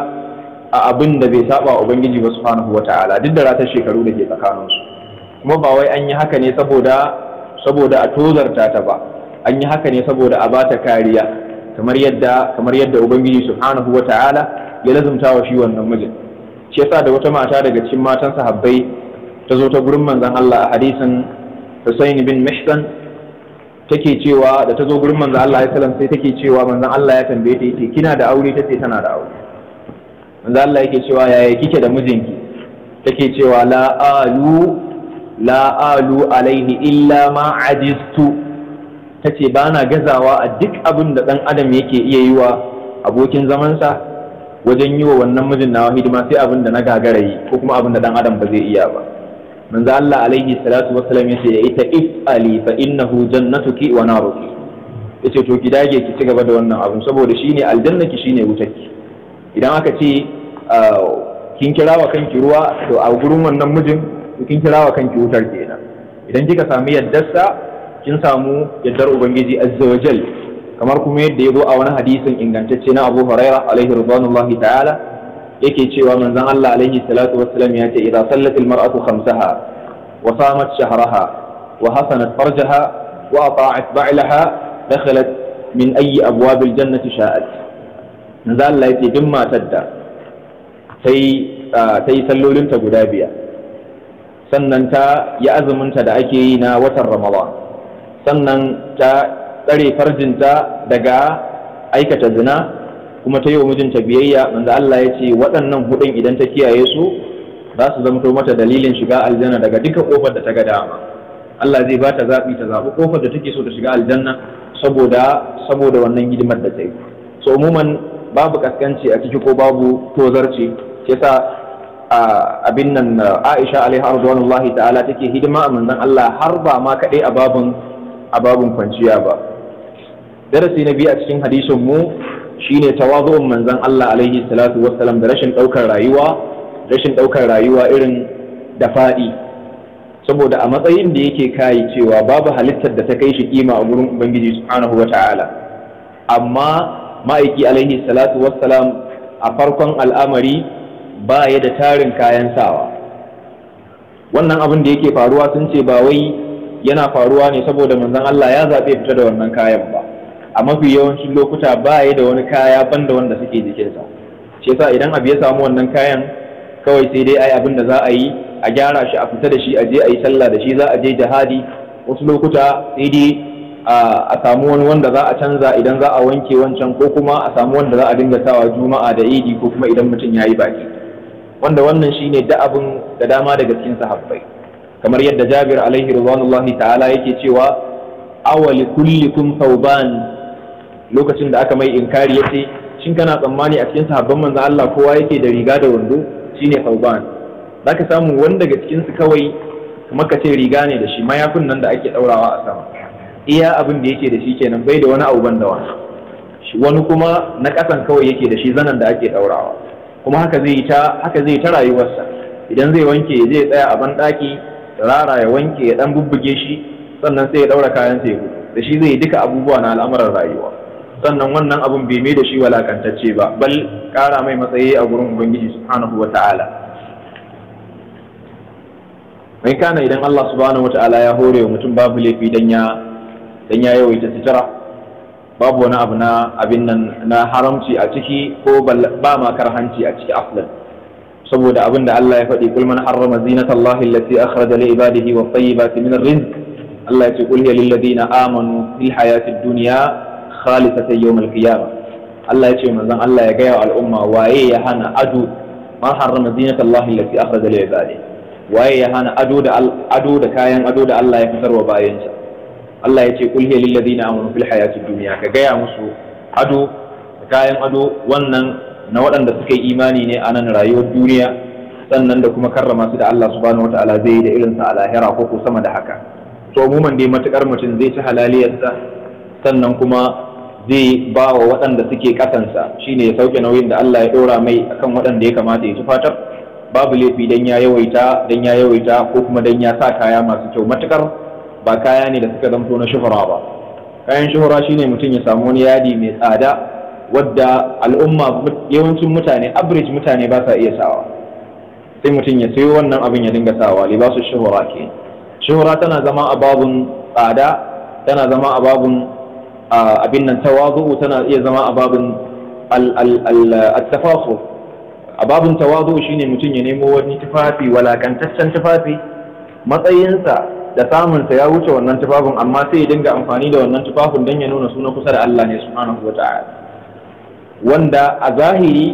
[SPEAKER 1] a abin da bai saba ubangiji ba subhanahu wa ta'ala duk da ratar shekaru da ke tsakaninsu kuma ba wai an yi haka ne saboda saboda a tozarta ta ba an yi haka ne saboda a bata kariya kamar yadda kamar yadda ubangiji subhanahu wata'ala ya lazumta wa shi wannan mijin shi yasa da wata mata daga cikin matan sahabbai ta zo ta gurin manzon Allah a hadisin Husayn bin Mihsan take cewa da ta zo gurin manzon Allah ya sai take cewa manzon Allah ya tambaye ta yake kina da aure tace tana da aure manzon Allah yake cewa yaya kike da mijinki take cewa la alu la alu alaihi illa ma ajistu ta ce ba na gazawa a duk abin da ɗan adam yake iya yi wa abokin zamansa wajen yi wa wannan mijin nawa hidima sai abin da na gagara yi ko kuma abin da adam ba zai iya ba manzo Allah alaihi salatu wassalam yace ya ita if'ali fa innahu jannatuki wa naruki yace to ki dage ki ci gaba da wannan abin saboda shine aljannaki shine ki. idan aka ce ah, kin kira wa kanki ruwa to a gurin wannan mijin to kin kirawa kanki wutar kenan idan kika samu yaddarsa kin samu yaddar ubangiji azza wa jal kamar kuma yadda ya zo a wani hadisin ingantacce na Abu Huraira alaihi radwanullahi ta'ala yake cewa manzon Allah alaihi salatu wassalam ya ce idza sallat almar'atu khamsaha wa samat shahraha wa hasanat farjaha wa ata'at ba'laha dakhalat min ayi abwabil jannati sha'at manzon Allah yake duk matar da sai ta yi sallolinta guda biyar sannan ta yi azuminta da ake yi na watan Ramawa, sannan ta tsare farjinta daga aikata zina kuma ta yi wa mijinta biyayya wanda Allah ya ce waɗannan hudun idan ta kiyaye su za su zamto mata dalilin shiga aljanna daga duka kofar da ta ga dama Allah zai ba ta zaɓi ta zaɓi kofar da take so ta shiga aljanna saboda saboda wannan hidimar da ta yi so umuman babu kaskanci a ciki ko babu tozarci sa. abin nan Aisha alaiha ta'ala take hidima a manzan Allah har ba ma kadai a babun a babun kwanciya ba darasi na biyu a cikin hadisin mu shine tawazu'un manzon Allah alaihi salatu wassalam da rashin daukar rayuwa rashin daukar rayuwa irin da fadi saboda a matsayin da yake kai cewa babu halittar da ta kai shi kima a gurin ubangiji subhanahu wata'ala amma ma'aiki alaihi salatu wassalam a farkon al'amari ba ya da tarin kayan sawa wannan abin da yake faruwa sun ce ba wai yana faruwa ne saboda manzon Allah ya zaɓe fita da wannan kayan ba a mafi yawancin lokuta ba ya da wani kaya ban da wanda suke jikinsa shi yasa idan abu ya samu wannan kayan kawai sai dai ai abin da za a yi a gyara shi a fita da shi a je a yi sallah da shi za a je jihadi wasu lokuta sai dai a samu wani wanda za a canza idan za a wanke wancan ko kuma a samu wanda za a dinga sawa juma'a da idi ko kuma idan mutum ya yi baki wanda wannan shi ne da abin da dama daga cikin sahabbai kamar yadda Jabir alaihi radwanullahi ta'ala yake cewa awali kullikum thawban lokacin da aka mai inkari yace shin kana tsammani a cikin sahabban manzon Allah kowa yake da riga da wando shine thawban zaka samu wanda daga cikin su kawai kamar ka ce riga ne da shi mayafin nan da ake daurawa a sama iya abin da yake da shi kenan bai da wani abu ban da wani wani kuma na kasan kawai yake da shi zanan da ake daurawa kuma haka zai ta haka zai ta rayuwarsa idan zai wanke zai tsaya a banɗaki rara ya wanke ya dan bubbuge shi sannan sai ya daura kayan sai da shi zai duka abubuwa na al'amuran rayuwa sannan wannan abun bai mai da shi walakantacce ba bal kara mai matsayi a gurin ubangiji subhanahu wa ta'ala mai kana idan Allah subhanahu wa ta'ala ya hore wa mutum babu laifi dan ya dan ya yawaita sitara. babu wani abu na abin nan na haramci a ciki ko ba ma karhanci a ciki aflan saboda abin da Allah ya faɗi kulman man harrama zinatallahi allati akhraja li ibadihi wa tayyibati min rizq Allah ya ce kul hiya lil ladina amanu fil hayati dunya khalisatan yawm al qiyamah Allah ya ce manzon Allah ya gaya wa al'umma waye ya hana ado man harrama zinatallahi allati akhraja li ibadihi waye ya hana ado da da kayan ado da Allah ya fitarwa bayansa Allah ya ce kulhiya na amanu fil hayati duniya. ka gaya musu ado kayan ado wannan na waɗanda suka yi imani ne a nan rayuwar duniya sannan da kuma karrama su da Allah subhanahu ta'ala zai yi da irinsa a lahira ko ko sama da haka to muman dai matukar mutum zai ci halaliyarsa sannan kuma zai ba wa waɗanda suke ƙasansa shine ya sauke nauyin da Allah ya ɗora mai akan waɗanda ya kamata ya ci fatar babu laifi dan ya yawaita dan ya yawaita ko kuma dan ya sa kaya masu kyau matukar ba kaya ne da suka zamto na shuhura ba kayan shuhura shine mutum ya samu wani yadi mai tsada wadda al'umma yawancin mutane average mutane ba sa iya sawa sai mutum ya sayo wannan abin ya dinga sawa libasu shuhura ke shuhura tana zama ababun tsada tana zama a babun abin nan tawazu tana iya zama ababun al-tafasu a babun shine mutum ya nemo wani tufafi walakantaccen tufafi matsayinsa da samunsa ya wuce wannan tufafin amma sai ya dinga amfani da wannan tufafin don ya nuna suna kusa da Allah ne subhanahu wa ta'ala wanda a zahiri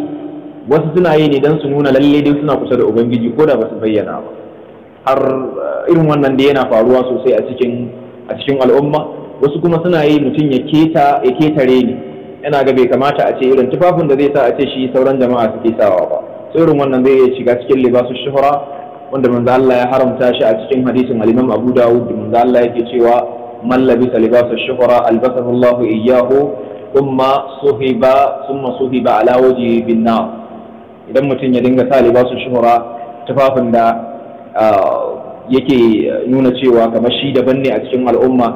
[SPEAKER 1] wasu suna yi ne don su nuna lalle dai suna kusa da ubangiji ko da ba su bayyana ba har eh, irin wannan da yana faruwa sosai a cikin a cikin al'umma wasu kuma suna yi mutum ya keta ya ketare ne yana ga bai kamata a ce irin tufafin da zai sa a ce shi sauran jama'a suke sawa ba Sai irin wannan zai iya shiga cikin libasu shuhura wanda manzo Allah ya haramta shi a cikin hadisin al-Imam Abu Dawud da manzo Allah yake cewa man labisa libasa shuhra albasahu Allah iyyahu thumma suhiba thumma suhiba ala wajhi bin idan mutum ya dinga sa libasu shuhra tufafin da ah, yake nuna cewa kamar shi daban ne a cikin al'umma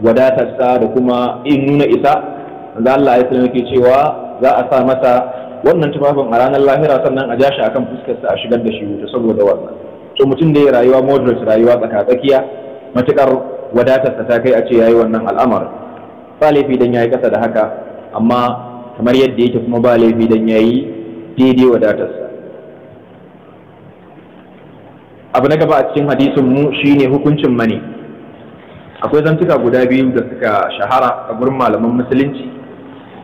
[SPEAKER 1] wadatarsa da kuma in nuna isa manzo Allah ya sallama yake cewa za a sa masa wannan tufafin a ranar lahira sannan a ja shi akan fuskarsa a shigar da shi wuta saboda wannan to mutum da ya rayuwa moderate rayuwa tsaka-tsakiya, matukar wadatarsa ta kai a ce yayi wannan al'amar ba laifi dan yayi kasa da haka amma kamar yadda yake kuma ba laifi dan yayi daidai wadatarsa abu na gaba a cikin hadisin mu shine hukuncin mani akwai zantuka guda biyu da suka shahara a gurin malaman musulunci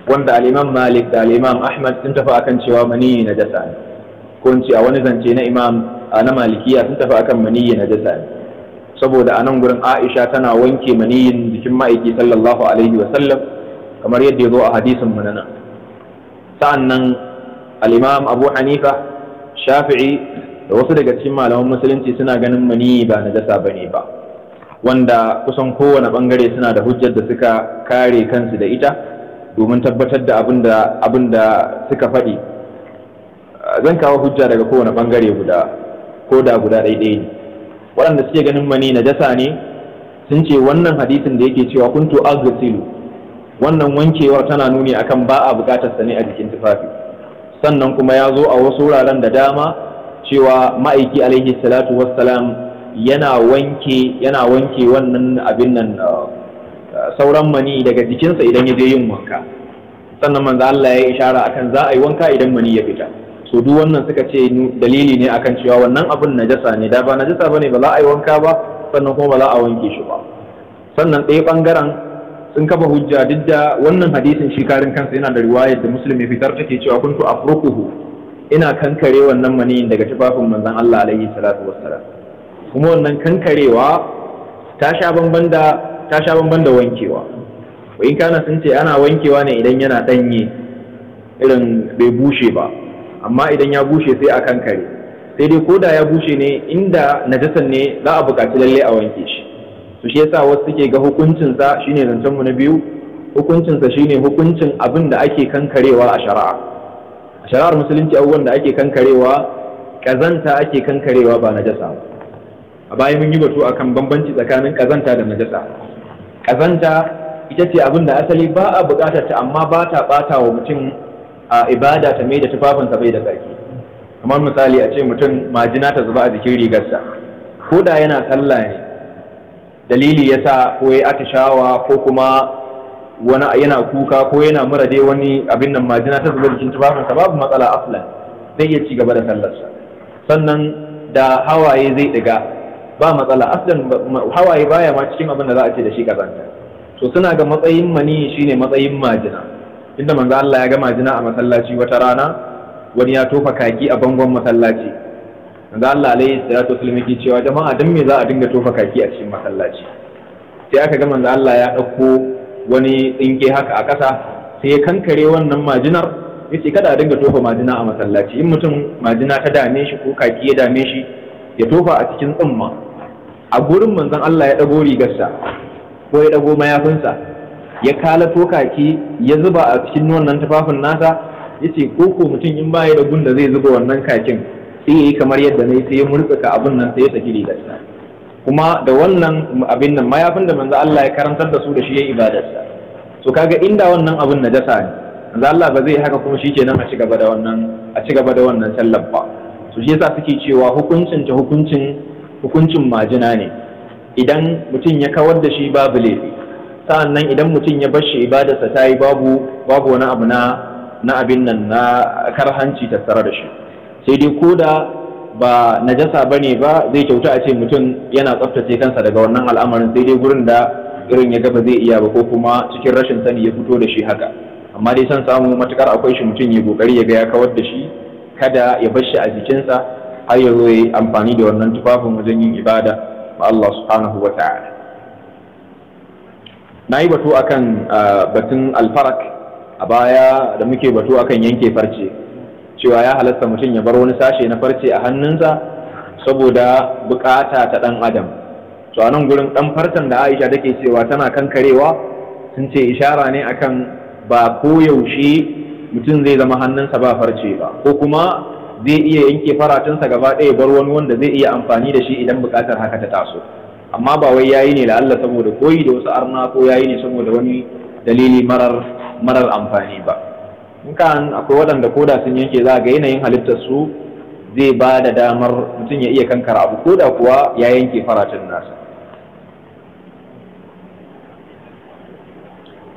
[SPEAKER 1] wanda alimam Malik da alimam Ahmad sun tafi akan cewa mani jasa ne ko in ce a wani zance na imam a na malikiya sun tafi akan maniyyi na jasa ne saboda a nan gurin aisha tana wanke maniyyin jikin ma'aiki sallallahu alaihi wasallam kamar yadda ya zo a hadisin mu nan sa'an nan al abu hanifa shafi'i da wasu daga cikin malaman musulunci suna ganin maniyyi ba na jasa bane ba wanda kusan kowane bangare suna da hujjar da suka kare kansu da ita domin tabbatar da abin da suka faɗi zan kawo hujja daga kowane bangare guda ko da guda ɗaiɗai ne waɗanda suke ganin mani na jasa ne sun ce wannan hadisin da yake cewa kuntu aghsilu wannan wankewar tana nuni akan ba a buƙatar Sani a jikin tufafi sannan kuma ya zo a wasu wuraren da dama cewa ma'aiki alaihi salatu wassalam yana wanke yana wanke wannan abin nan uh, sauran mani daga jikinsa idan ya je yin wanka sannan manzo Allah ya yi ishara akan za a yi wanka idan mani ya fita so duk wannan suka ce dalili ne akan cewa wannan abun najasa ne da ba najasa bane ba za a yi wanka ba sannan kuma ba za a wanke shi ba sannan ɗaya bangaren sun kafa hujja duk da wannan hadisin shi karin kansa yana da riwaya da musulmi fitar take cewa kuntu afruquhu ina kankare wannan maniyin daga tufafin manzon Allah alaihi salatu wassalam kuma wannan kankarewa ta sha bamban da ta sha bamban da wankewa in kana sun ce ana wankewa ne idan yana danye irin bai bushe ba amma idan ya bushe sai a kankare sai dai ko da ya bushe ne inda najasan ne za a bukaci lalle a wanke shi to shi yasa wasu suke ga hukuncinsa shine zancen mu na biyu hukuncinsa shine hukuncin abin da ake kankarewa a shari'a a shari'ar musulunci abubuwan da ake kankarewa kazanta ake kankarewa ba najasa ba a baya mun yi batu akan bambanci tsakanin kazanta da najasa kazanta ita ce abin da asali ba a buƙatar ta amma ba ta ɓata wa mutum a ibada ta mai da tufafinsa bai da tsarki kamar misali a ce mutum majina ta zuba a jikin rigarsa ko da yana sallah ne dalili ya sa ko ya atishawa ko kuma wani yana kuka ko yana murade, wani abin nan majina ta zuba jikin tufafinsa babu matsala aflan zai iya ci gaba da sallarsa sannan da hawaye zai diga ba matsala aslan hawaye baya ma cikin abin da za a ce da shi kazanta to suna ga matsayin mani shine matsayin majina inda manzo Allah ya gama jina a masallaci wata rana wani ya tofa kaki a bangon masallaci manzo Allah alaihi salatu wasallam yake cewa jama'a dan me za a dinga tofa kaki a cikin masallaci sai aka ga manzo Allah ya dauko wani tsinke haka a kasa sai ya kankare wannan majinar yace kada a dinga tofa majina a masallaci in mutum majina ta dame shi ko kaki ya dame shi ya tofa a cikin tsumma a gurin manzon Allah ya dago rigarsa ko ya dago mayafinsa ya kalato kaki ya zuba a cikin wannan tufafin nasa ya ce ko mutum in baya da gunda zai zuba wannan kakin sai ya yi kamar yadda na yi sai ya murtsaka abin nan sai ya saki rigarsa kuma da wannan abin nan mayafin da manzo Allah ya karantar da su da shi ya ibadarsa To kaga inda wannan abin jasa ne manzo Allah ba zai haka kuma kenan a ci gaba da wannan a ci gaba da wannan sallar ba to shi yasa suke cewa hukuncin ta hukuncin hukuncin majina ne idan mutum ya kawar da shi babu laifi sa'an nan idan mutum ya bashi ibadarsa ta yi babu babu wani abu na na abin nan na karhanci tattare da shi sai dai ko da ba najasa ba ne ba zai kyauta a ce mutum yana tsaftace kansa daga wannan al'amarin sai dai gurin da irin ya gaba zai iya ba ko kuma cikin rashin sani ya fito da shi haka amma dai san samu matukar akwai shi mutum ya kokari ya ga ya kawar da shi kada ya bashi a jikinsa har ya zo ya yi amfani da wannan tufafin wajen yin ibada ma Allah subhanahu wa ta'ala na yi batu akan ah, batun alfarak a baya da muke batu akan yanke farce cewa ya halasta mutum ya bar wani sashe na farce a hannunsa saboda bukata ta dan adam to a nan gurin dan farcen da aisha take cewa tana kankarewa sun ce ishara ne akan ba ko yaushe mutum zai zama hannunsa ba farce ba ko kuma zai iya yanke faratunsa gaba ɗaya bar wani wanda zai iya amfani da shi idan bukatar haka ta taso amma ba wai yayi ne la'alla saboda koyi da wasu arna ko yayi ne saboda wani dalili marar marar amfani ba in kan akwai waɗanda koda sun yanke za ga yanayin halittar su zai ba da damar mutum ya iya kankara abu koda kuwa ya yanke faratin nasa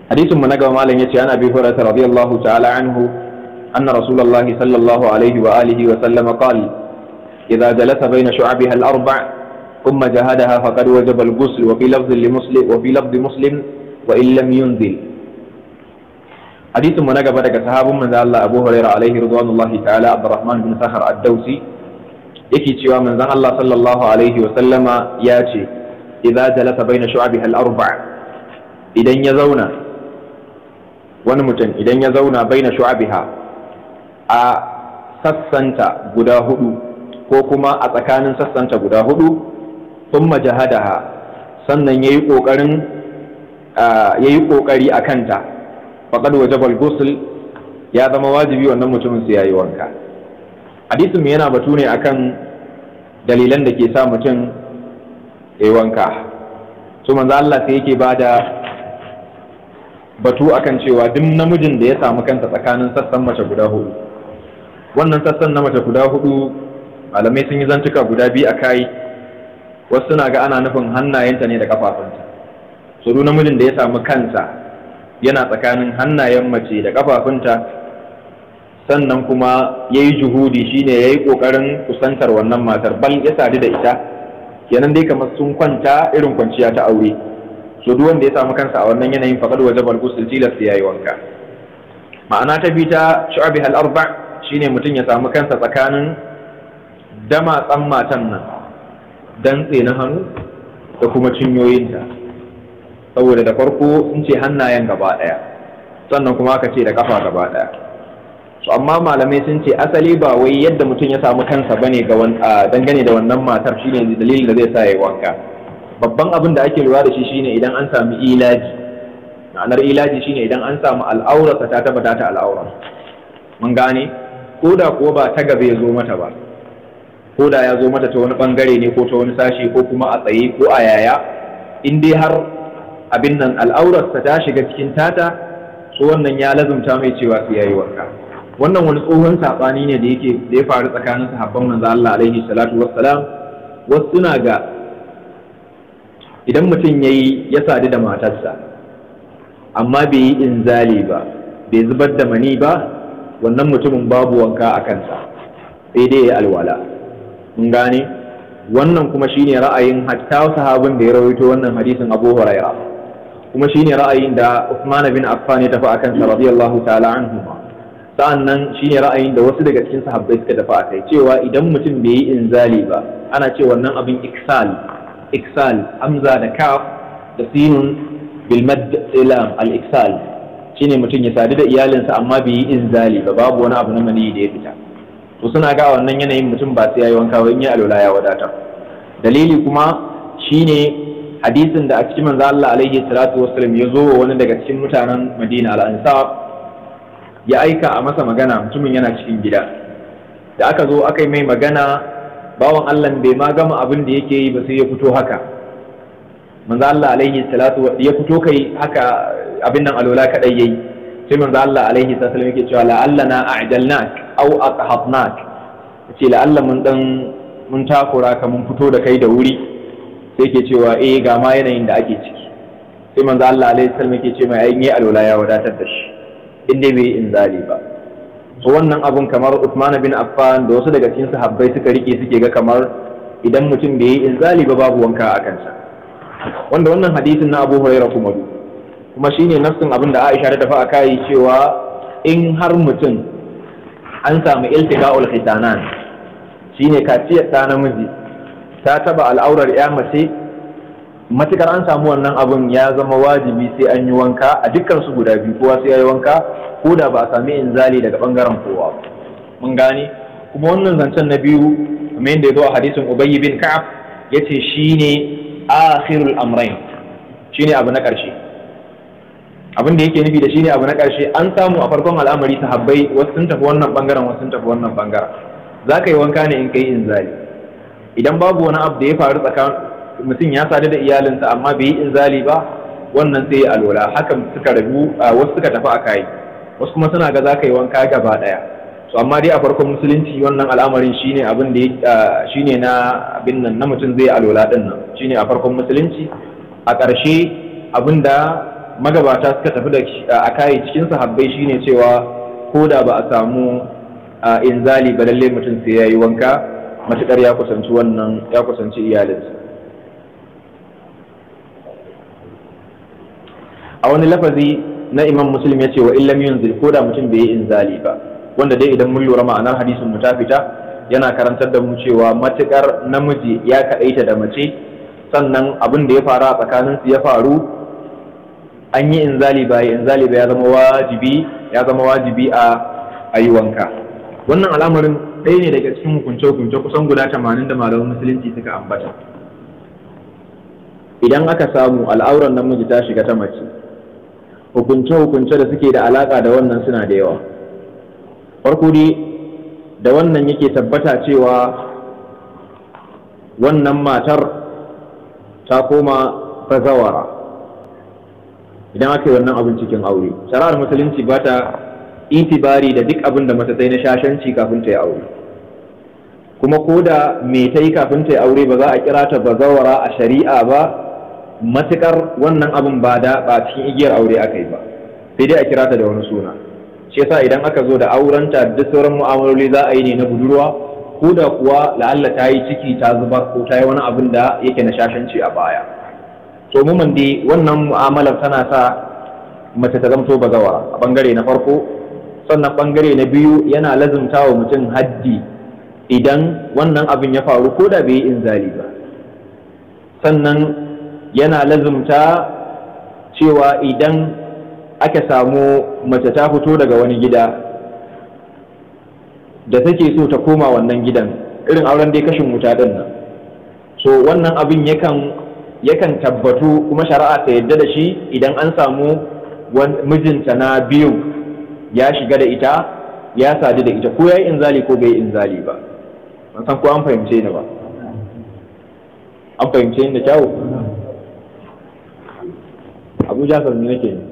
[SPEAKER 1] hadisin mu na gaba malam yace ana bi hurairah radiyallahu ta'ala anhu anna rasulullahi sallallahu alaihi wa alihi wa sallam qala idza jalasa baina shu'abiha al-arba' ثم جهدها فقد وجب الغسل وفي لفظ لمسلم وفي لفظ مسلم وان لم ينزل حديث من نقب لك صحاب الله ابو هريره عليه رضوان الله تعالى عبد الرحمن بن سخر الدوسي يكي تشوى من ذا الله صلى الله عليه وسلم ياتي اذا جلس بين شعبها الاربع اذا يزون ونمتن اذا يزون بين شعبها ا سسنت غدا هدو كوكما اتكان سسنت غدا هدو sun majahadaha sannan yayi yi ya yi ƙoƙari a kanta wajaba al-ghusl ya zama wajibi wannan mutumin sai yayi wanka hadisin yana batu ne akan dalilan da ke sa mutum ya wanka su manzo Allah sai yake bada batu akan cewa duk namijin da ya samu kanta tsakanin sassan mace guda hudu wannan sassan na mace guda hudu malamai sun yi zantuka guda biyu a kai wasu suna ga ana nufin hannayenta ne da kafafunta so duk namijin da ya samu kansa yana tsakanin hannayen mace da kafafunta sannan kuma ya yi juhudi shine ya yi ƙoƙarin kusantar wannan matar bal ya sadu da ita kenan dai kamar sun kwanta irin kwanciya ta aure so duk wanda ya samu kansa a wannan yanayin faɗar waje al gusul tilas ya yi wanka ma'ana ta bi ta shu'abi al-arba' shine mutum ya samu kansa tsakanin dama tsan matan nan dantse na hannu da kuma cinyoyinta saboda da farko in ce hannayen gaba daya sannan kuma aka ce da kafa gaba ɗaya su amma malamai sun ce asali ba wai yadda mutum ya samu kansa bane ga dangane da wannan matar shine dalilin da zai sa ya wanka babban abin da ake lura da shi shine idan an samu ilaji ma'anar ilaji shine idan an samu al'aurarsa ta tabbata ta al'aura mun gane ko da kuwa ba ta gaba ya zo mata ba ko da ya zo mata ta wani bangare ne ko ta wani sashe ko kuma a tsaye ko a yaya in dai har abin nan al'aurarsa ta shiga cikin tata so wannan ya lazumta mai cewa su yayi wanka wannan wani tsohon saɓani ne da yake da ya faru tsakanin sahabban manzo Allah alaihi salatu wassalam wasu na ga idan mutum yayi ya sadu da matarsa amma bai yi inzali ba bai zubar da mani ba wannan mutumin babu wanka a kansa sai dai ya alwala kun gane wannan kuma shine ra'ayin hatta sahabin da ya rawaito wannan hadisin Abu Huraira kuma shine ra'ayin da Uthman bin Affan ya tafi akan sa radiyallahu ta'ala anhu sa'annan shine ra'ayin da wasu daga cikin sahabbai suka tafi akai cewa idan mutum bai yi inzali ba ana ce wannan abin iksal iksal amza da kaf da sinun bil mad ilam al iksal shine mutum ya sadu da iyalinsa amma bai yi inzali ba babu wani abu na mani da ya fita to suna ga wannan yanayin mutum ba sai yayi wanka ba in ya alwala ya wadata dalili kuma shine hadisin da a cikin manzo Allah alaihi salatu wassalam ya zo wani daga cikin mutanen Madina al ya aika a masa magana mutumin yana cikin gida da aka zo aka yi mai magana bawan Allah bai ma gama abin da yake yi ba sai ya fito haka manzo Allah alaihi salatu ya fito kai haka abin nan alola kadai yayi sai manzo Allah alaihi sallam yake cewa la'allana a'jalnak aw aqhatnak ce la'alla mun dan mun takura ka mun fito da kai da wuri sai yake cewa eh ga ma yanayin da ake ciki sai manzo Allah alaihi sallam yake ce mai ayin yi alwala ya wadatar da shi inda bai in zali ba to wannan abun kamar Uthman bin Affan da wasu daga cikin sahabbai suka rike suke ga kamar idan mutum bai yi zali ba babu wanka a kansa wanda wannan hadisin na Abu Hurairah kuma duk kuma shine nassin abin da Aisha ta dafa a kai cewa in har mutum an samu iltiqa'ul khitanan shine kaciyar ta namiji ta taba al'aurar ya mace matukar an samu wannan abun ya zama wajibi sai an yi wanka a dukkan su guda biyu kowa sai ya yi wanka ko da ba a sami inzali daga bangaren kowa mun gane kuma wannan zancen na biyu kamar yadda ya zo a hadisin ubayi bin ka'ab yace shine akhirul Shi shine abu na ƙarshe abin da yake nufi da shine abu na ƙarshe an samu a farkon al'amari ta Habbai wasu sun tafi wannan bangaren wasu sun tafi wannan bangaren za ka yi wanka ne in kai inzali idan babu wani abu da ya faru tsakanin mutum ya sadu da iyalinsa amma bai yi inzali ba wannan sai ya alola. haka suka rabu wasu suka tafi a kayi. wasu kuma suna ga za ka yi wanka gaba ɗaya to amma dai a farkon musulunci wannan al'amarin shine abin da shine na abin nan na mutum zai alwala din nan shine a farkon musulunci a ƙarshe abin da magabata suka tafi da a kayi cikin sahabbai shine cewa ko da ba a samu inzali ba lalle mutum sai ya yi wanka matukar ya kusanci wannan ya kusanci iyalinsa a wani lafazi na imam muslim ya ce wa illam yunzil ko da mutum bai yi inzali ba wanda dai idan mun lura ma'anar hadisin mu ta fita yana karantar da mu cewa matukar namiji ya kaɗaita da mace sannan abin da ya faru a tsakaninsu ya faru an yi inzali ba inzali ba ya zama wajibi ya zama wajibi a ayi wanka wannan al'amarin ɗaya ne daga cikin hukunce hukunce kusan guda tamanin da malamin musulunci suka ambata idan aka samu al'auran namiji ta shiga ta mace hukunce hukunce da suke da alaka da wannan suna da yawa farko dai da wannan yake tabbata cewa wannan matar ta koma fazawara idan aka yi wannan abin cikin aure shari'ar musulunci ba ta itibari da duk abin da mace yi na shashanci kafin ta yi aure kuma ko da me ta yi kafin ta yi aure ba za a kira ta bazawara a shari'a ba matukar wannan abin ba da ba cikin igiyar aure aka yi ba sai dai a kira ta da wani suna shi yasa idan aka zo da aurenta duk sauran mu'amaloli za a yi ne na budurwa ko da kuwa la'alla ta yi ciki ta zuba ko ta yi wani abin da yake na shashanci a baya to muman dai wannan mu'amalar tana sa mace ta zamto bagawara a bangare na farko sannan bangare na biyu yana lazumta wa mutum haddi idan wannan abin ya faru ko da bai yi inzali ba sannan yana lazumta cewa idan aka samu mace ta fito daga wani gida da take so ta koma wannan gidan irin auren dai kashin wuta din nan so wannan abin yakan yakan tabbatu kuma shari'a ta yadda da shi idan an samu mijinta na biyu ya shiga da ita ya sadu da ita ko ya yi inzali ko bai yi inzali ba an san ko an fahimce ni ba an fahimce ni da kyawu abu jafar ne nake ne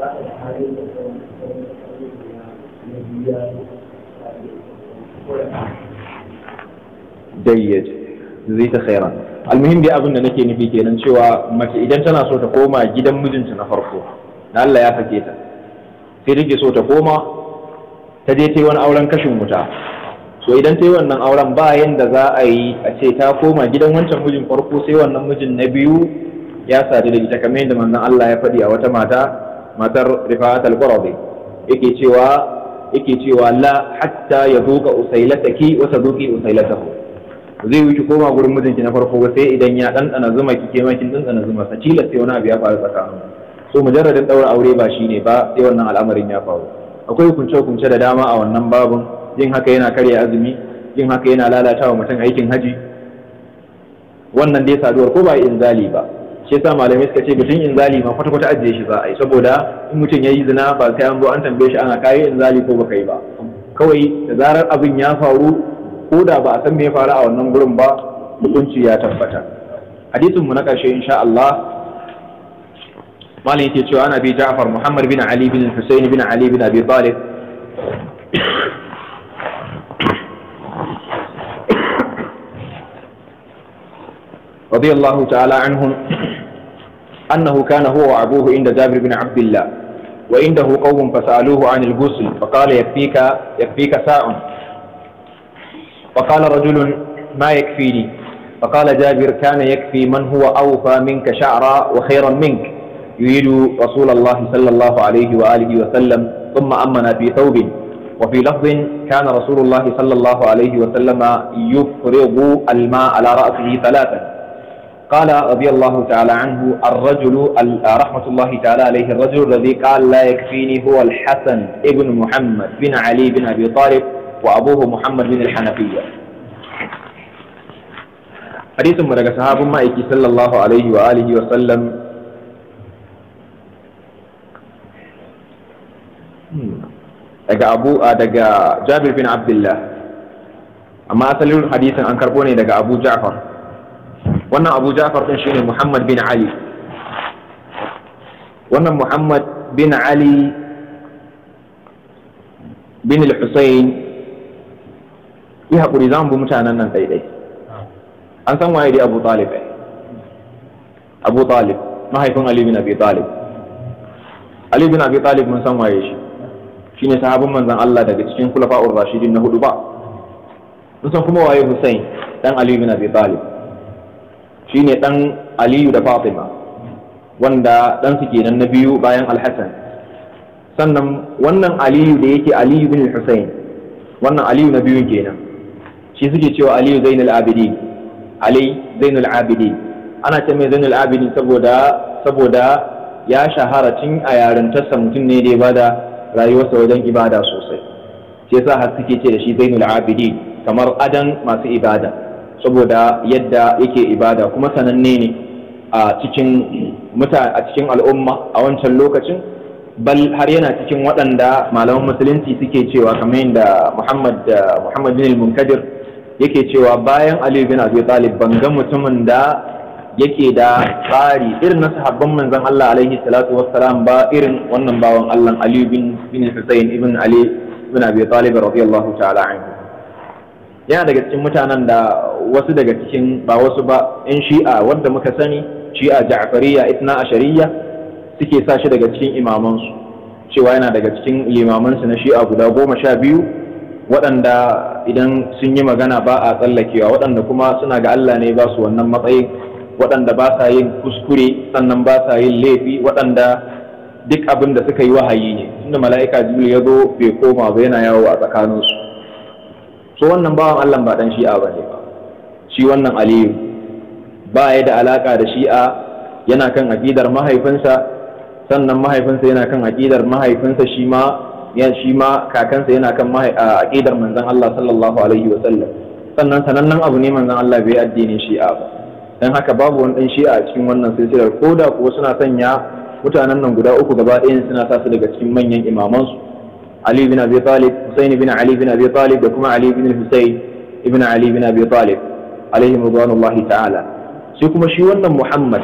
[SPEAKER 1] Thank you. dayyaj zai ta khaira almuhim dai abin da nake nufi kenan cewa mace idan tana so ta koma gidan mijinta na farko na Allah ya sake ta sai take so ta koma ta je ta yi wani auren kashin wuta so idan ta yi wannan auren ba yanda za a yi a ce ta koma gidan wancan mijin farko sai wannan mijin na biyu ya sadu da ita kamar yadda manzon Allah ya faɗi a wata mata matar rifa'at al-qurabi yake cewa yake cewa la hatta ya zoka usailataki wa saduqi usailatahu zai wuce koma gurin mijinki na farko sai idan ya dandana zuma ki kema kin ɗanɗana zuma sa tilas sai wani abu ya faru tsakanin so mujarradin daura aure ba shine ba sai wannan al'amarin ya faru akwai hukunce hukunce da dama a wannan babun yin haka yana karya azumi yin haka yana lalatawa mutum aikin haji wannan dai saduwar ko ba inzali ba shi yasa malamai suka ce in zali ma kwata kwata ajiye shi za a yi saboda in mutum ya yi zina ba sai an zo an tambaye shi ana kayi zali ko baka yi ba kawai da zarar abin ya faru ko da ba a san me ya faru a wannan gurin ba hukunci ya tabbata hadisin mu na karshe insha Allah malam yake cewa ana bi Ja'far Muhammad bin Ali bin Husayn bin Ali bin Abi Talib رضي الله تعالى عنهم أنه كان هو وأبوه عند جابر بن عبد الله وعنده قوم فسألوه عن الغسل فقال يكفيك يكفيك ساع فقال رجل ما يكفيني فقال جابر كان يكفي من هو أوفى منك شعرا وخيرا منك يريد رسول الله صلى الله عليه وآله وسلم ثم أمن في ثوب وفي لفظ كان رسول الله صلى الله عليه وسلم يفرغ الماء على رأسه ثلاثة قال رضي الله تعالى عنه الرجل رحمة الله تعالى عليه الرجل الذي قال لا يكفيني هو الحسن ابن محمد بن علي بن أبي طالب وأبوه محمد بن الحنفية حديث من صحاب مائك صلى الله عليه وآله وسلم daga abu daga jabir bin abdullah amma asalin hadisin an karbo ne daga abu ja'far wannan abu ja'far din shine muhammad bin ali wannan muhammad bin ali bin al-husayn yi haƙuri za mu mutanen nan ɗaiɗai an san waye dai abu talib abu talib mahaifin ali bin abi talib ali bin abi talib mun san waye shi shine sahabin manzon Allah daga cikin khulafa'ur rashidin na hudu ba mun san kuma waye Hussein dan ali bin abi talib shine dan aliyu da fatima wanda dan su kenan na biyu bayan alhassan sannan wannan aliyu da yake aliyu bin husayn wannan aliyu na biyun kenan shi suke cewa aliyu zainul abidi ali zainul abidi ana ce mai zainul abidi saboda saboda ya shahara tun a yarintarsa mutum ne da ya bada rayuwarsa wajen ibada sosai sai sa har suke ce da shi zainul abidi kamar adan masu ibada saboda yadda yake ibada kuma sananne ne a cikin mutane a cikin al'umma a wancan lokacin bal har yana cikin waɗanda malaman musulunci suke cewa kamar yadda Muhammad Muhammad bin Munkadir yake cewa bayan Ali bin Abi Talib ban ga mutumin da yake da tsari irin na sahabban manzon Allah alaihi salatu wassalam ba irin wannan bawan Allah Ali bin bin Husayn ibn Ali ibn Abi Talib radiyallahu ta'ala anhu yana daga cikin mutanen da wasu daga cikin ba wasu ba 'yan shi'a wanda muka sani shi'a ja'fariya itna ashariya suke sa shi daga cikin imamansu cewa yana daga cikin limamansu na shi'a guda goma sha biyu waɗanda idan sun yi magana ba a tsallakewa waɗanda kuma suna ga Allah ne ba su wannan matsayin waɗanda ba sa yin kuskure sannan ba sa yin laifi waɗanda duk abin da suka yi wahayi ne tunda mala'ika jibril ya zo bai koma ba yana yawo a tsakaninsu so wannan bawan Allah ba dan shi'a ne ba shi wannan aliyu ba ya da alaka da shi'a yana kan aqidar mahaifinsa sannan mahaifinsa yana kan aqidar mahaifinsa shi ma shi ma kakansa yana kan aqidar manzon Allah sallallahu alaihi wa sallam sannan sanannen abu ne manzon Allah bai addinin shi'a ba dan haka babu wani dan shi'a a cikin wannan silsilar koda kuwa suna sanya mutanen nan guda uku gaba ɗayan suna sa su daga cikin manyan imamansu Ali bin Abi Talib bin Ali bin Abi Talib da kuma Ali bin Husayn ibn Ali bin Abi ta'ala sai kuma shi wannan Muhammad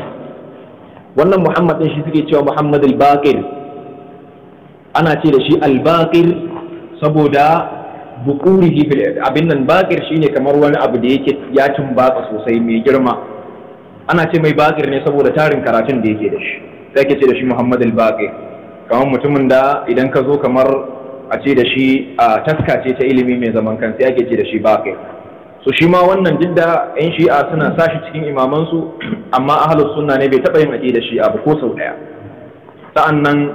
[SPEAKER 1] wannan Muhammad din shi suke cewa Muhammad al ana ce da shi al saboda bukurihi fil abin nan Baqir shine kamar wani abu da yake ya tumbaka sosai mai girma ana ce mai Baqir ne saboda tarin karatun da yake da shi sai ake ce shi Muhammad mutumin da idan ka zo kamar a ce da shi a taska ce ta ilimi mai zaman kansa ake ce da shi kai. so shi ma wannan duk da yan shi'a suna sashi cikin imamansu amma ahlus sunna ne bai taɓa yin da shi'a ba ko sau ɗaya sa'annan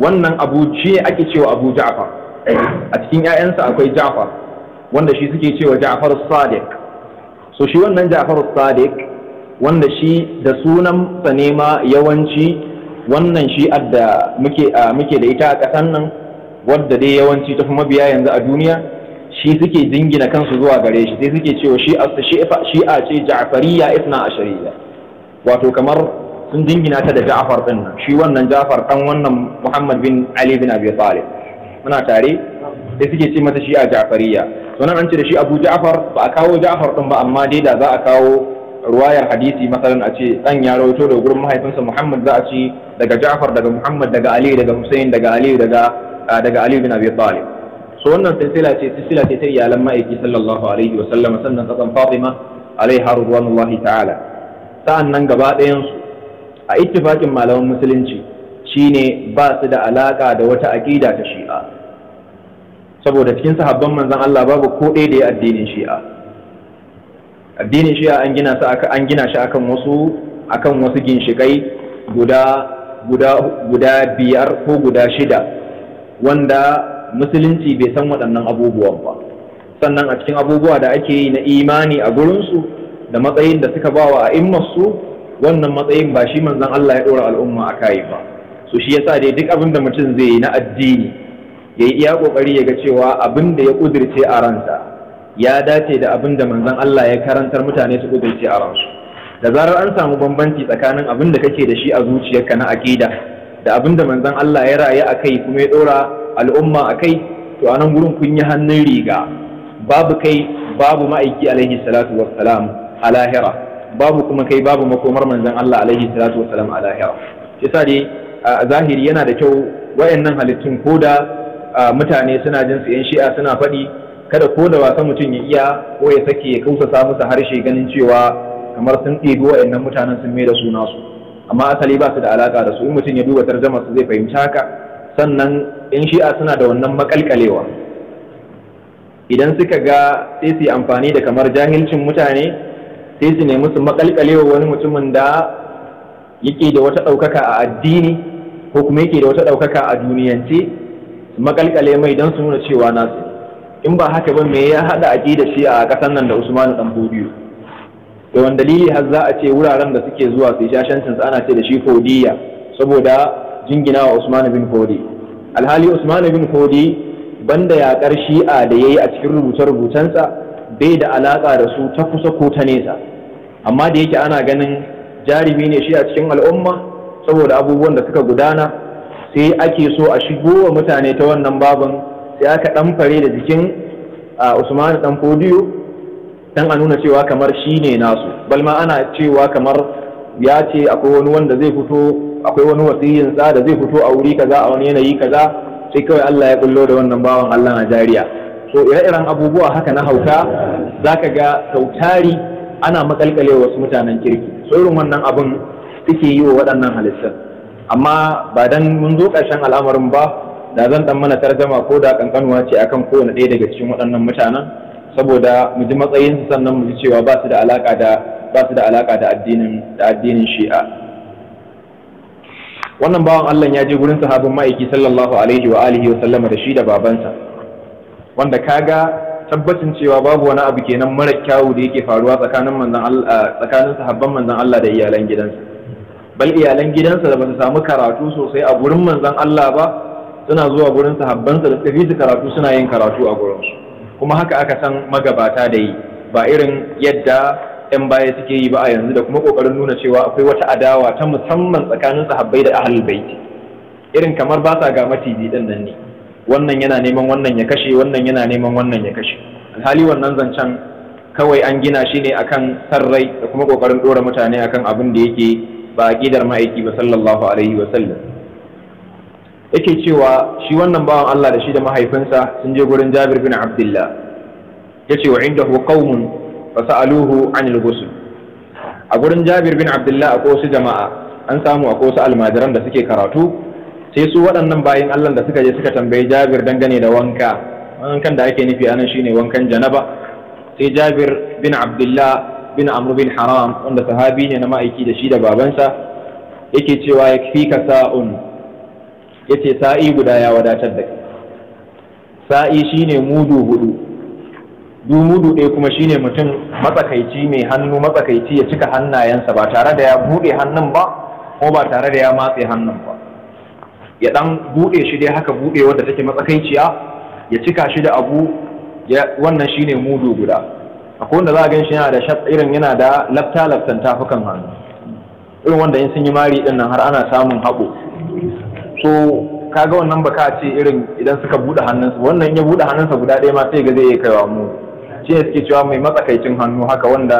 [SPEAKER 1] wannan abu shi ake cewa abu ja'far a cikin 'ya'yansa akwai ja'far wanda shi suke cewa ja'far sadiq so shi wannan ja'far sadiq wanda shi da sunan sa ma yawanci wannan shi'ar da muke da ita a ƙasar nan wadda dai yawanci tafi mabiya yanzu a duniya shi suke dingina kansu zuwa gare shi sai suke cewa shi a ce ja'fariya ifna ashariya wato kamar sun dingina ta da ja'far din nan shi wannan ja'far dan wannan muhammad bin ali bin abi talib muna tare sai suke ce mata shi'a ja'fariya to nan an ce da shi abu ja'far ba a kawo ja'far din ba amma dai da za a kawo ruwayar hadisi masalan a ce dan ya rawaito da gurin mahaifinsa muhammad za a ce daga ja'far daga muhammad daga ali daga husain daga ali daga daga Ali bin Abi Talib so wannan silsila ce silsila ce ta iyalan ma'aiki sallallahu alaihi wa sallam sannan kasan Fatima alaiha radwanullahi ta'ala sa'an nan gaba ɗayan su a ittifakin malaman musulunci shine ba su da alaka da wata aqida ta shi'a saboda cikin sahabban manzon Allah babu ko ɗaya da ya addinin shi'a addinin shi'a an gina sa an gina shi akan wasu akan wasu ginshikai guda guda guda biyar ko guda shida wanda musulunci bai san waɗannan abubuwan ba sannan a cikin abubuwa da ake yi na imani a gurinsu da matsayin da suka bawa a su wannan matsayin ba shi manzon Allah ya ɗora al'umma a ba so shi yasa dai duk abin da mutum zai yi na addini ya yi iya ƙoƙari ya ga cewa abin da ya ƙudirce a ransa ya dace da abin da manzon Allah ya karantar mutane su ƙudirce a ransu da zarar an samu bambanci tsakanin abin da kake da shi a zuciyarka na aƙida da abin da manzon Allah ya rayu a kai kuma ya ɗora al'umma a kai to a nan gurin kun yi hannun riga babu kai babu ma'aiki alaihi salatu salam a lahira babu kuma kai babu makomar manzan Allah alaihi salatu salam a lahira shi yasa dai a zahiri yana da kyau wayannan halittun koda mutane suna jin su yan shi'a suna faɗi kada ko da wasan mutum ya iya ko ya sake ya kausa musu harshe ganin cewa kamar sun ɗebi wayannan mutanen sun mai da su nasu amma asali ba su da alaka da su in mutum ya duba tarjama su zai fahimci haka sannan in shi'a suna da wannan makalkalewa idan suka ga sai su yi amfani da kamar jahilcin mutane sai su nemi su makalkalewa wani mutumin da yake da wata ɗaukaka a addini ko kuma yake da wata ɗaukaka a duniyance su makalkale mai don su nuna cewa nasu in ba haka ba me ya haɗa da shi a ƙasar nan da usmanu ɗan biyu da wani dalili har za a ce wuraren da suke zuwa su yi shashancin ana ce da shi fodiya saboda jingina wa usman bin fodi alhali usman bin fodi banda yaƙar shi'a da yayi a cikin rubuce rubutansa bai da alaƙa da su ta kusa ko ta nesa amma da yake ana ganin jarumi ne shi a cikin al'umma saboda abubuwan da suka gudana sai ake so a shigo wa mutane ta wannan babin sai aka ɗamfare da jikin usman dan fodiyo dan a nuna cewa kamar shi ne nasu balma ana cewa kamar ya ce akwai wani wanda zai fito akwai wani wasiyin sa da zai fito a wuri kaza a wani yanayi kaza sai kawai Allah ya kullo da wannan bawan Allah na jariya so ire-iren abubuwa haka na hauka zaka ga sautari ana makalkale wasu mutanen kirki so irin wannan abin suke yi wa waɗannan halittar amma ba dan mun zo ƙarshen al'amarin ba da zan dan mana tarjama ko da kankanuwa ce akan kowane ɗaya daga cikin waɗannan mutanen saboda mu ji matsayin sannan mu ji cewa ba su da alaka da ba su da alaka da addinin da addinin Shi'a wannan bawan Allah ya je gurin sahabin ma'aiki sallallahu alaihi wa alihi wa sallama da shi da babansa wanda kaga tabbacin cewa babu wani abu kenan mara kyawu da yake faruwa tsakanin manzon Allah tsakanin sahabban manzon Allah da iyalan gidansa bal iyalan gidansa da ba su samu karatu sosai a gurin manzon Allah ba suna zuwa gurin sahabbansa da suka fi karatu suna yin karatu a gurin su kuma haka aka san magabata da yi ba irin yadda 'yan baya suke yi ba a yanzu da kuma ƙoƙarin nuna cewa akwai wata adawa ta musamman tsakanin sahabbai da ahal baiti irin kamar ba sa ga maciji ɗin nan ne wannan yana neman wannan ya kashe wannan yana neman wannan ya kashe alhali wannan zancen kawai an gina shi ne akan sarrai da kuma ƙoƙarin ɗora mutane akan abin da yake ba aƙidar ma'aiki ba sallallahu alaihi wa sallam yake cewa shi wannan bawan Allah da shi da mahaifinsa sun je gurin Jabir bin Abdullah yace wa hu qaumun fasaluhu anil ghusl a gurin Jabir bin Abdullah a kosu jama'a an samu a wasu almajiran da suke karatu sai su waɗannan bayin Allah da suka je suka tambayi Jabir dangane da wanka wankan da ake nufi anan shine wankan janaba sai Jabir bin Abdullah bin Amr bin Haram wanda sahabi ne na ma'aiki da shi da babansa yake cewa yakfika sa'un yace sa'i guda ya wadatar da kai sa'i shine mudu hudu du mudu ɗaya kuma shine mutum matsakaici mai hannu matsakaici ya cika hannayensa ba tare da ya buɗe hannun ba ko ba tare da ya matse hannun ba ya ɗan buɗe shi dai haka buɗe wanda take matsakaiciya ya cika shi da abu wannan shine mudu guda akwai wanda za a gan shi yana da shaf irin yana da lafta laftan tafukan hannu irin wanda in sun yi mari dinnan har ana samun haɓo so kaga wannan ba ka ce irin idan suka buɗe hannunsu wannan ya bude hannunsa guda ɗaya ma sai ga zai iya wa mu shi ne suke cewa mai matsakaicin hannu haka wanda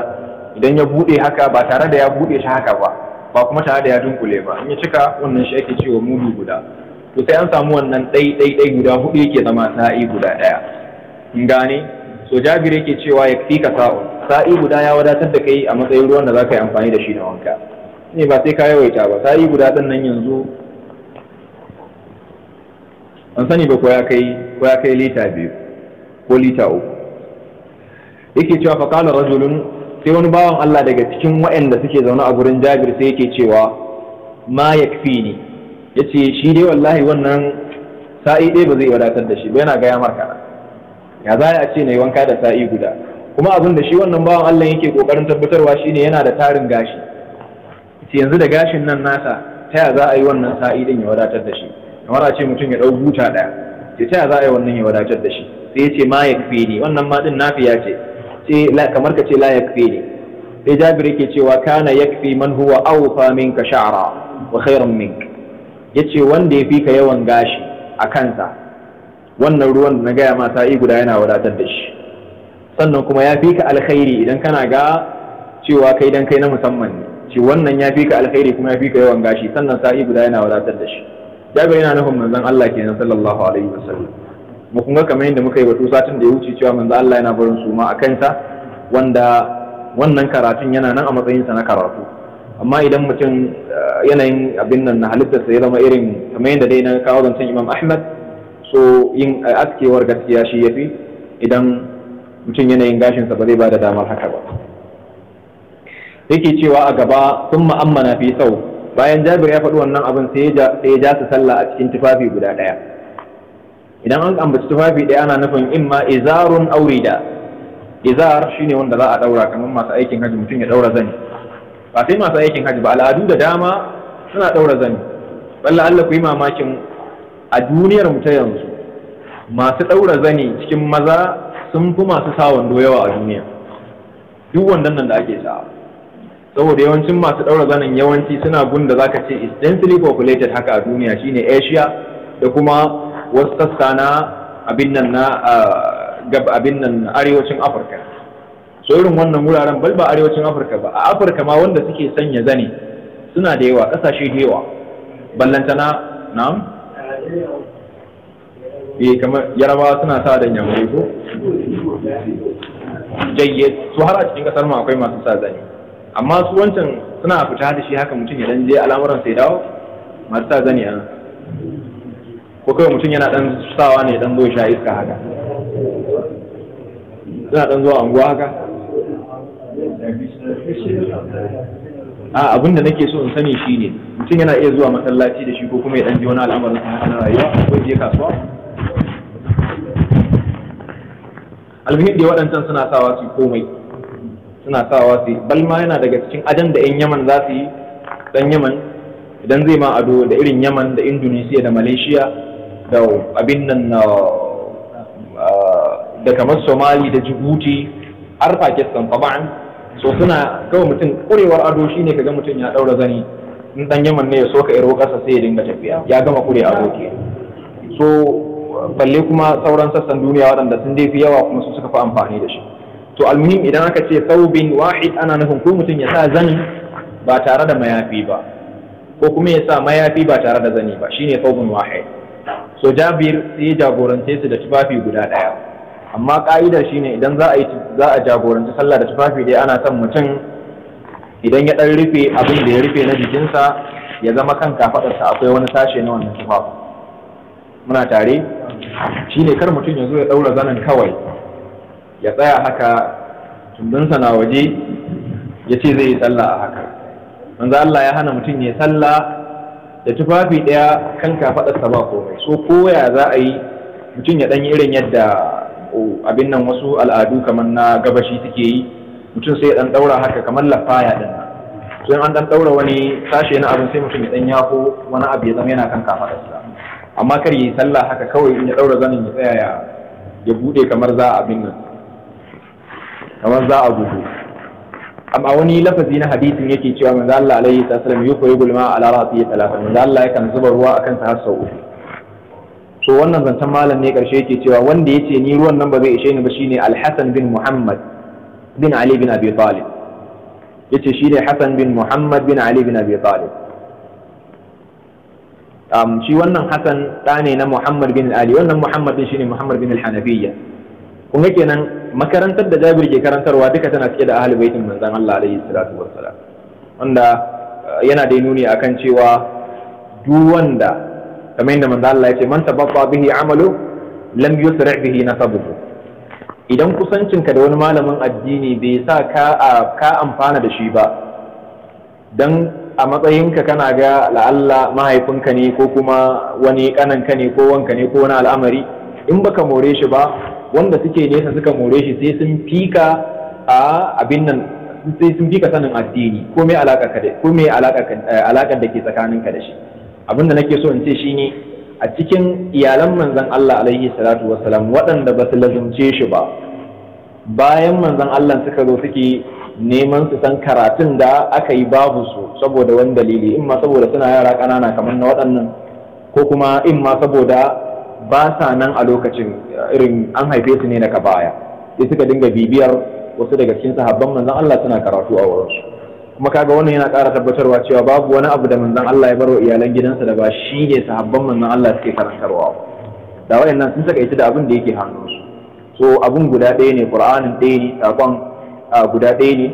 [SPEAKER 1] idan ya buɗe haka ba tare da ya buɗe shi haka ba ba kuma tare da ya dunkule ba in ya cika wannan shi ake cewa mudu guda to sai an samu wannan ɗai ɗai ɗai guda hudu yake zama sa'i guda ɗaya in gane so jabir yake cewa ya fi ka sa'o sa'i guda ya wadatar da kai a matsayin ruwan da za ka yi amfani da shi na wanka ne ba sai ka yawaita ba sa'i guda ɗin nan yanzu an sani ba ko ya kai lita biyu ko lita uku yake cewa fa kana rajulun sai wani bawan Allah daga cikin waɗanda suke zaune a gurin Jabir sai yake cewa ma yakfini yace shi dai wallahi wannan sa'i dai ba zai wadatar da shi ba yana gaya maka ya za a ce na wanka da sa'i guda kuma abin da shi wannan bawan Allah yake kokarin tabbatarwa shine yana da tarin gashi yanzu da gashin nan nasa ta ya za a yi wannan sa'i din ya wadatar da shi kamar a ce mutum ya ɗau buta ɗaya ce ta za a yi wannan ya wadatar da shi sai ya ce ma ya kafe ni wannan ma ɗin nafiya ce kamar ka ce la ya kafe ni sai jabir yake cewa kana ya kafe man huwa awfa ka sha'ra wa khairun Ya ce wanda ya fi ka yawan gashi a kansa wannan ruwan da na gaya ma sa'i guda yana wadatar da shi sannan kuma ya fi ka alkhairi idan kana ga cewa kai dan kai na musamman ne ce wannan ya fi ka alkhairi kuma ya fi ka yawan gashi sannan sa'i guda yana wadatar da shi shago yana nufin manzon Allah kenan sallallahu alaihi wasallam mu kun ga kamar yadda muka yi batu satin da ya wuce cewa manzon Allah yana barin su ma a kanta wanda wannan karatun yana nan a matsayin sa na karatu amma idan mutum eh, yanayin abin nan na halittarsa ya zama irin kamar yadda dai na kawo zancen Imam Ahmad so yin eh, askewar gaskiya shi yafi idan mutum yanayin gashinsa ba zai ba da damar haka ba yake cewa a gaba sun na fi sau bayan jabir ya faɗi wannan abin sai ya ja su sallah a cikin tufafi guda ɗaya idan an ambaci tufafi ɗaya ana nufin in ma izarun aurida izar shine wanda za a ɗaura kamar masu aikin hajji mutum ya ɗaura zani ba sai masu aikin hajji ba al'adu da dama suna ɗaura zani balla Allah ku yi mamakin a duniyar mu ta yanzu masu ɗaura zani cikin maza sun fi masu sa doyawa a duniya duk wannan nan da ake sa'a saboda yawancin masu ɗaura zanen yawanci suna gun da ka ce is densely populated haka a duniya shine asia da kuma wasu sassa na abin nan na gab arewacin afirka so irin wannan wuraren bal ba arewacin afirka ba a afirka ma wanda suke sanya zane suna da yawa ƙasashe da yawa na, na'am eh kamar yarabawa suna sa da yamurai ko jayyet su har a cikin kasar mu akwai masu sa zane amma su wancan suna fita da shi haka mutum ya je al'amuran sai dawo masu sa zani a ko kawai mutum yana dan sawa ne dan zo sha iska haka suna dan zuwa anguwa haka a abinda nake so in sani shi ne mutum yana iya zuwa masallaci da shi ko kuma ya dan wani al'amarin sa haka na rayuwa ko je kasuwa alhindi waɗancan suna sawa su komai suna sawa su balma yana daga cikin ajan da 'yan yaman za su yi dan yaman idan zai ma ado da irin yaman da indonesia da malaysia da abin nan ah, ah, da kamar somali da djibouti har pakistan taba'an so suna kawai mutum kurewar ado shine kaga mutum ya ɗaura zani in dan yaman ne ya so ka iro kasa sai ya dinga tafiya ya gama kure ado ke so balle kuma sauran sassan duniya waɗanda sun dai fi yawa kuma su suka fi amfani da shi to almuhim idan aka ce thawbin wahid ana nufin ko mutum ya sa zani ba tare da mayafi ba ko kuma ya sa mayafi ba tare da zani ba shine thawbun wahid so jabir sai ya jagorance su da tufafi guda ɗaya, amma ka'idar shine idan za a yi jagoranci sallah da tufafi dai ana son mutum idan ya dan rufe abin da ya rufe na jikinsa ya zama kan kafaɗarsa akwai wani sashe na wannan tufafi muna tare shine kar mutum ya zo ya daura zanin kawai ya tsaya haka tundunsa na waje ya ce zai yi sallah a haka manzo Allah ya hana mutum ya sallah da tufafi ɗaya kan kafaɗarsa ba komai so koya za a yi mutum ya ɗanyi irin yadda abin nan wasu al'adu kamar na gabashi suke yi mutum sai ya ɗan ɗaura haka kamar lafaya ɗin so in an ɗan ɗaura wani sashe na abin sai mutum ya ɗan yako wani abu ya zama yana kan kafaɗarsa amma kar yi sallah haka kawai in ya ɗaura zanin ya tsaya ya buɗe kamar za a abin kamar za a gudu amma wani lafazi na hadisin yake cewa manzo Allah alaihi wasallam yuko yi gulma ala rafi talata manzo Allah yakan zuba ruwa akan sa har sau uku to wannan zancen malam ne karshe yake cewa wanda yace ni ruwan nan ba zai ishe ni ba shine al-Hasan bin Muhammad bin Ali bin Abi Talib yace shine Hasan bin Muhammad bin Ali bin Abi Talib um, shi wannan Hassan ɗa ne na Muhammad bin Ali wannan Muhammad din shine Muhammad bin al-Hanafiyya kuma kenan makarantar da Jabir ke karantarwa duka tana cike da ahli baitin manzon Allah alaihi salatu wassalam wanda uh, yana da nuni akan cewa duk wanda kamar yadda manzon Allah ya ce man tabaffa bihi amalu lam yusra' bihi nasabuhu idan kusancinka da wani malamin addini bai sa ka ka amfana da shi ba dan a matsayinka kana ga la'alla mahaifinka ne ko kuma wani kananka ne ko wanka ne ko wani al'amari in baka more shi ba wanda suke nesa suka more shi sai sun fika a abin nan sai sun fika sanin addini ko me alaka ka da ko me alaka eh, da ke tsakanin ka da shi abin da nake so in ce shine a cikin iyalan manzon Allah alaihi salatu wassalam waɗanda ba su lazumce shi ba bayan manzon Allah suka zo suke neman su san karatun da aka yi babu su saboda wani dalili in ma saboda suna yara ƙanana kamar na waɗannan ko kuma in ma saboda ba sa nan a lokacin uh, irin an haife su ne daga baya sai suka dinga bibiyar wasu daga cikin sahabban manzon Allah suna karatu a wurinsu kuma kaga wannan yana ƙara tabbatarwa cewa babu wani abu da manzon Allah ya barwa iyalan gidansa da ba shi ne sahabban manzon Allah suke karantarwa da wayannan sun saka ita da abin da yake su. so abun guda ɗaya ne qur'anin ɗaya ne sakon uh, guda ɗaya ne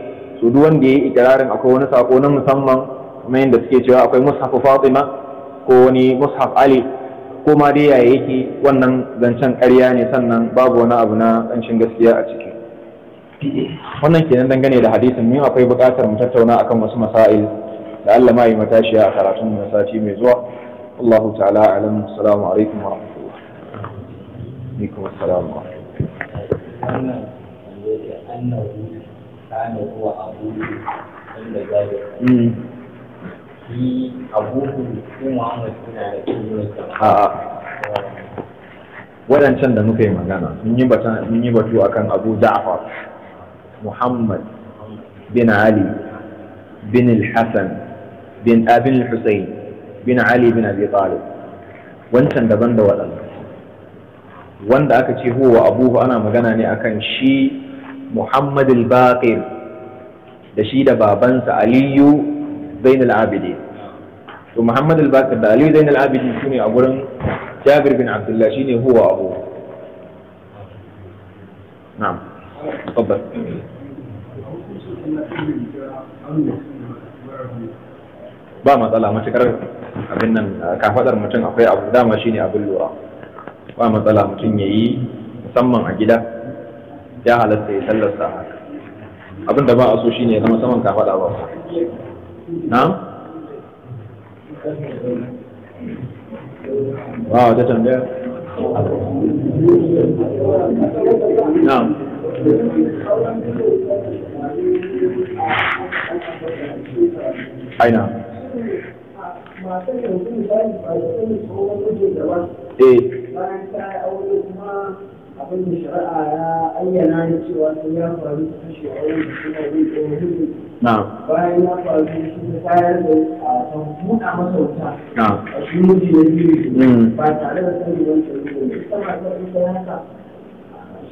[SPEAKER 1] so duk wanda yayi ikirarin akwai wani sako na musamman kamar yadda suke cewa akwai mushaf Fatima ko wani mushaf Ali ko ma dai yaya yake wannan zancen ƙarya ne sannan babu wani abu na ƙanshin gaskiya a ciki wannan kenan dangane da hadisin ne akwai buƙatar mu tattauna akan wasu masail da Allah ma yi matashiya a karatun na sati mai zuwa Allah ta'ala alam assalamu alaikum wa rahmatullah alaikum assalam wa rahmatullah waɗancan da muka yi magana mun yi batu akan abu ja'far muhammad bin ali bin al-hassan bin abin ah, al-husayn bin ali bin abi talib wancan daban da waɗanda wanda aka ce huwa abuhu ana magana ne akan shi muhammad al-baqir da shi da babansa aliyu zainul abidi to muhammad al-bakir da aliyu zainul abidi shine a wurin jabir bin abdullahi shine huwa abu na'am tabbas ba matsala matukar abin nan kafadar mutum akwai abu dama shine abin lura ba matsala mutum ya yi musamman a gida ya halatta ya sallarsa haka abin da ba a so shine ya zama saman kafada ba na'am wow ta tambaya na'am aina eh abin da shari'a ya ayyana ni cewa sun ya faru ta kashe a wani da suna yi ɗaya hudu bayan ya faru shi ta tayar da a san buɗa masa wuta a shi miji na biyu mm. ba tare da sani don shari'a ne ita ma ta ita ya haka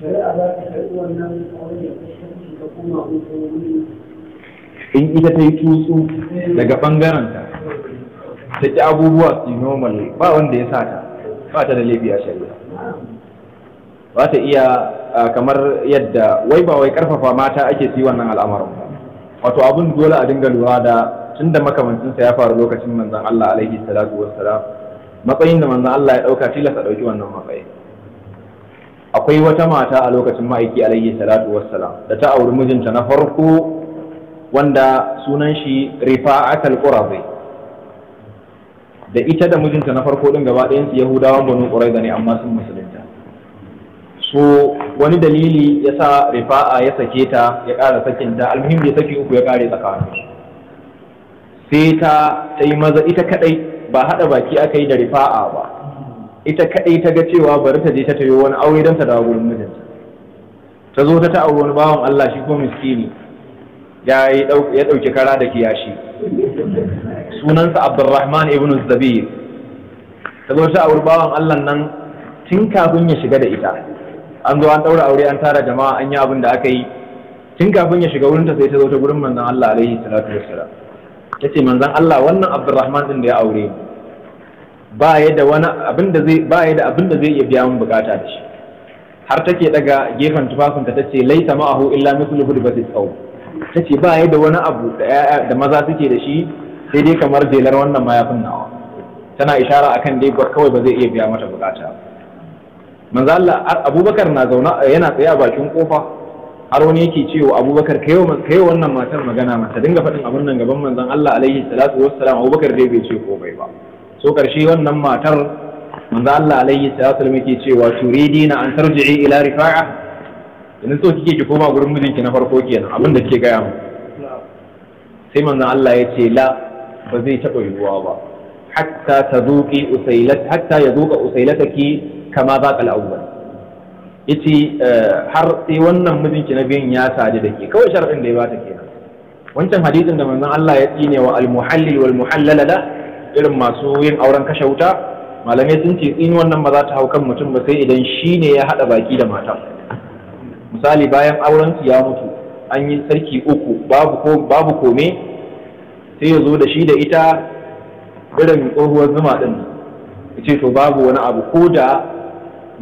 [SPEAKER 1] shari'a za ta karɓi wannan auren da ta kashe ta kuma wani in ita ta yi tutsu daga ɓangaranta ta ki abubuwa su yi normal ba wanda ya sa ta ba ta da laifi a shari'a Ba ta iya kamar yadda wai ba wai karfafa mata ake ci wannan al'amarin wato abun dole a dinga lura da tun da makamancinsa ya faru lokacin manzon Allah alaihi salatu wassalam matsayin da manzon Allah ya dauka tilasta dauki wannan matsayi akwai wata mata a lokacin ma'aiki alaihi salatu wassalam da ta auri mijinta na farko wanda sunan shi rifa'atul qurabi da ita da mijinta na farko din gaba su yahudawan banu qurayza ne amma sun musulunta so wani dalili ya sa rifa'a ya sake ta ya ƙara sakin ta almuhim ya saki uku ya ƙare tsakanin sai ta ta yi maza ita kadai ba haɗa baki aka yi da rifa'a ba ita kadai ta ga cewa bari ta je ta tayo wani aure don ta dawo gurin mijinta ta zo ta aure wani bawan Allah shi ko miskini ya ɗauki kara da kiyashi sunansa Abdurrahman ibn Zabir ta zo ta aure bawan Allah nan tun kafin ya shiga da ita an zo an ɗaura aure an tara jama'a an yi abin da aka yi tun kafin ya shiga wurinta sai ta zo ta gurin manzon Allah alaihi salatu wassalam ta ce manzon Allah wannan Abdurrahman din da ya aure ba ya da wani abin da zai ba ya da abin da zai iya biya min bukata da shi har take daga gefen tufafinta ta ce laisa ma'ahu illa mithlu hudbati basi tsaw ta ce ba ya da wani abu da maza suke da shi sai dai kamar jelar wannan mayafin nawa tana ishara akan dai kawai ba zai iya biya mata bukata ba manzo Allah Abubakar na zauna yana tsaye a bakin kofa har wani yake cewa Abubakar kai kai wannan matar magana ma ta dinga faɗin abin nan gaban manzon Allah alaihi salatu wassalam Abubakar dai bai ce komai ba so karshe wannan matar manzo Allah alaihi salatu wassalam yake cewa turidina an tarji'i ila rifa'a idan so kike ki koma gurin mijinki na farko kenan abin da kike gaya mu sai manzon Allah ya ce la ba zai taɓa yiwuwa ba hatta tazuki usailat hatta yazuka usailataki kama ba awwal eh, har sai wannan mijinki na biyun ya sadu da ke kawai sharadin da ya bata kenan wancan hadisin da manzon Allah ya tsine wa al-muhallil wal irin masu yin auren kashe wuta malamai sun ce tsini wannan ba za ta hau kan mutum ba sai idan shi ne ya haɗa baki da mata misali bayan auren su ya mutu an yi sarki uku babu ko kome sai ya zo da shi da ita irin tsohuwar zuma din ce to babu wani abu ko da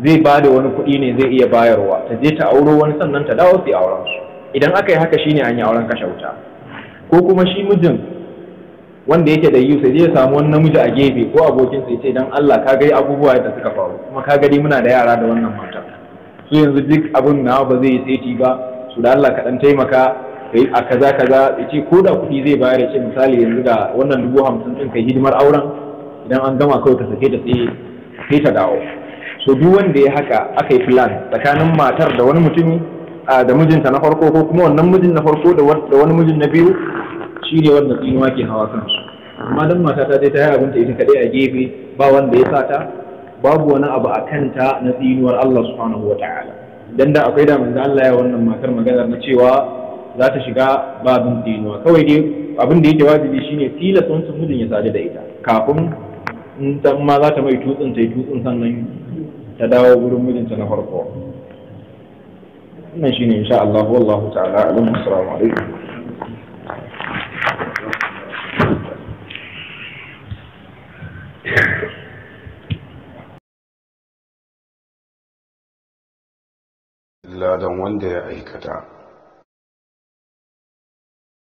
[SPEAKER 1] zai ba da wani kuɗi ne zai iya bayarwa ta je ta auro wani sannan ta dawo su auren su idan aka yi haka shine an yi auren kashe wuta ko kuma shi mijin wanda yake da yiwu sai zai samu wani namiji a gefe ko abokin sai ce idan Allah ka ga abubuwa da suka faru kuma ka gani muna da yara da wannan mata su yanzu duk abin na ba zai yi saiti ba su da Allah ka dan taimaka kai a kaza kaza sai ce ko da kuɗi zai bayar ya ce misali yanzu da wannan dubu hamsin ɗin kai hidimar auren idan an gama kawai ka sake ta sai ta dawo to duk wanda ya haka aka yi plan tsakanin matar da wani mutumi da mijinta na farko ko kuma wannan mijin na farko da wani mijin na biyu shi ne wanda tsinuwa ke hawa kansu amma dan mata ta je ta yi abinta ita kadai a gefe ba wanda ya sata babu wani abu a kanta na tsinuwar Allah subhanahu wa ta'ala dan da akwai da manzo Allah ya wannan matar maganar na cewa za ta shiga babin tsinuwa kawai dai abin da yake wajibi shine tilas wancan mijin ya sadu da ita kafin in ma za ta mai tutsin ta yi tutsin sannan ta dawo gurin mijinta na farko wannan shine insha Allah wallahu ta'ala alim assalamu alaikum ladan wanda ya aikata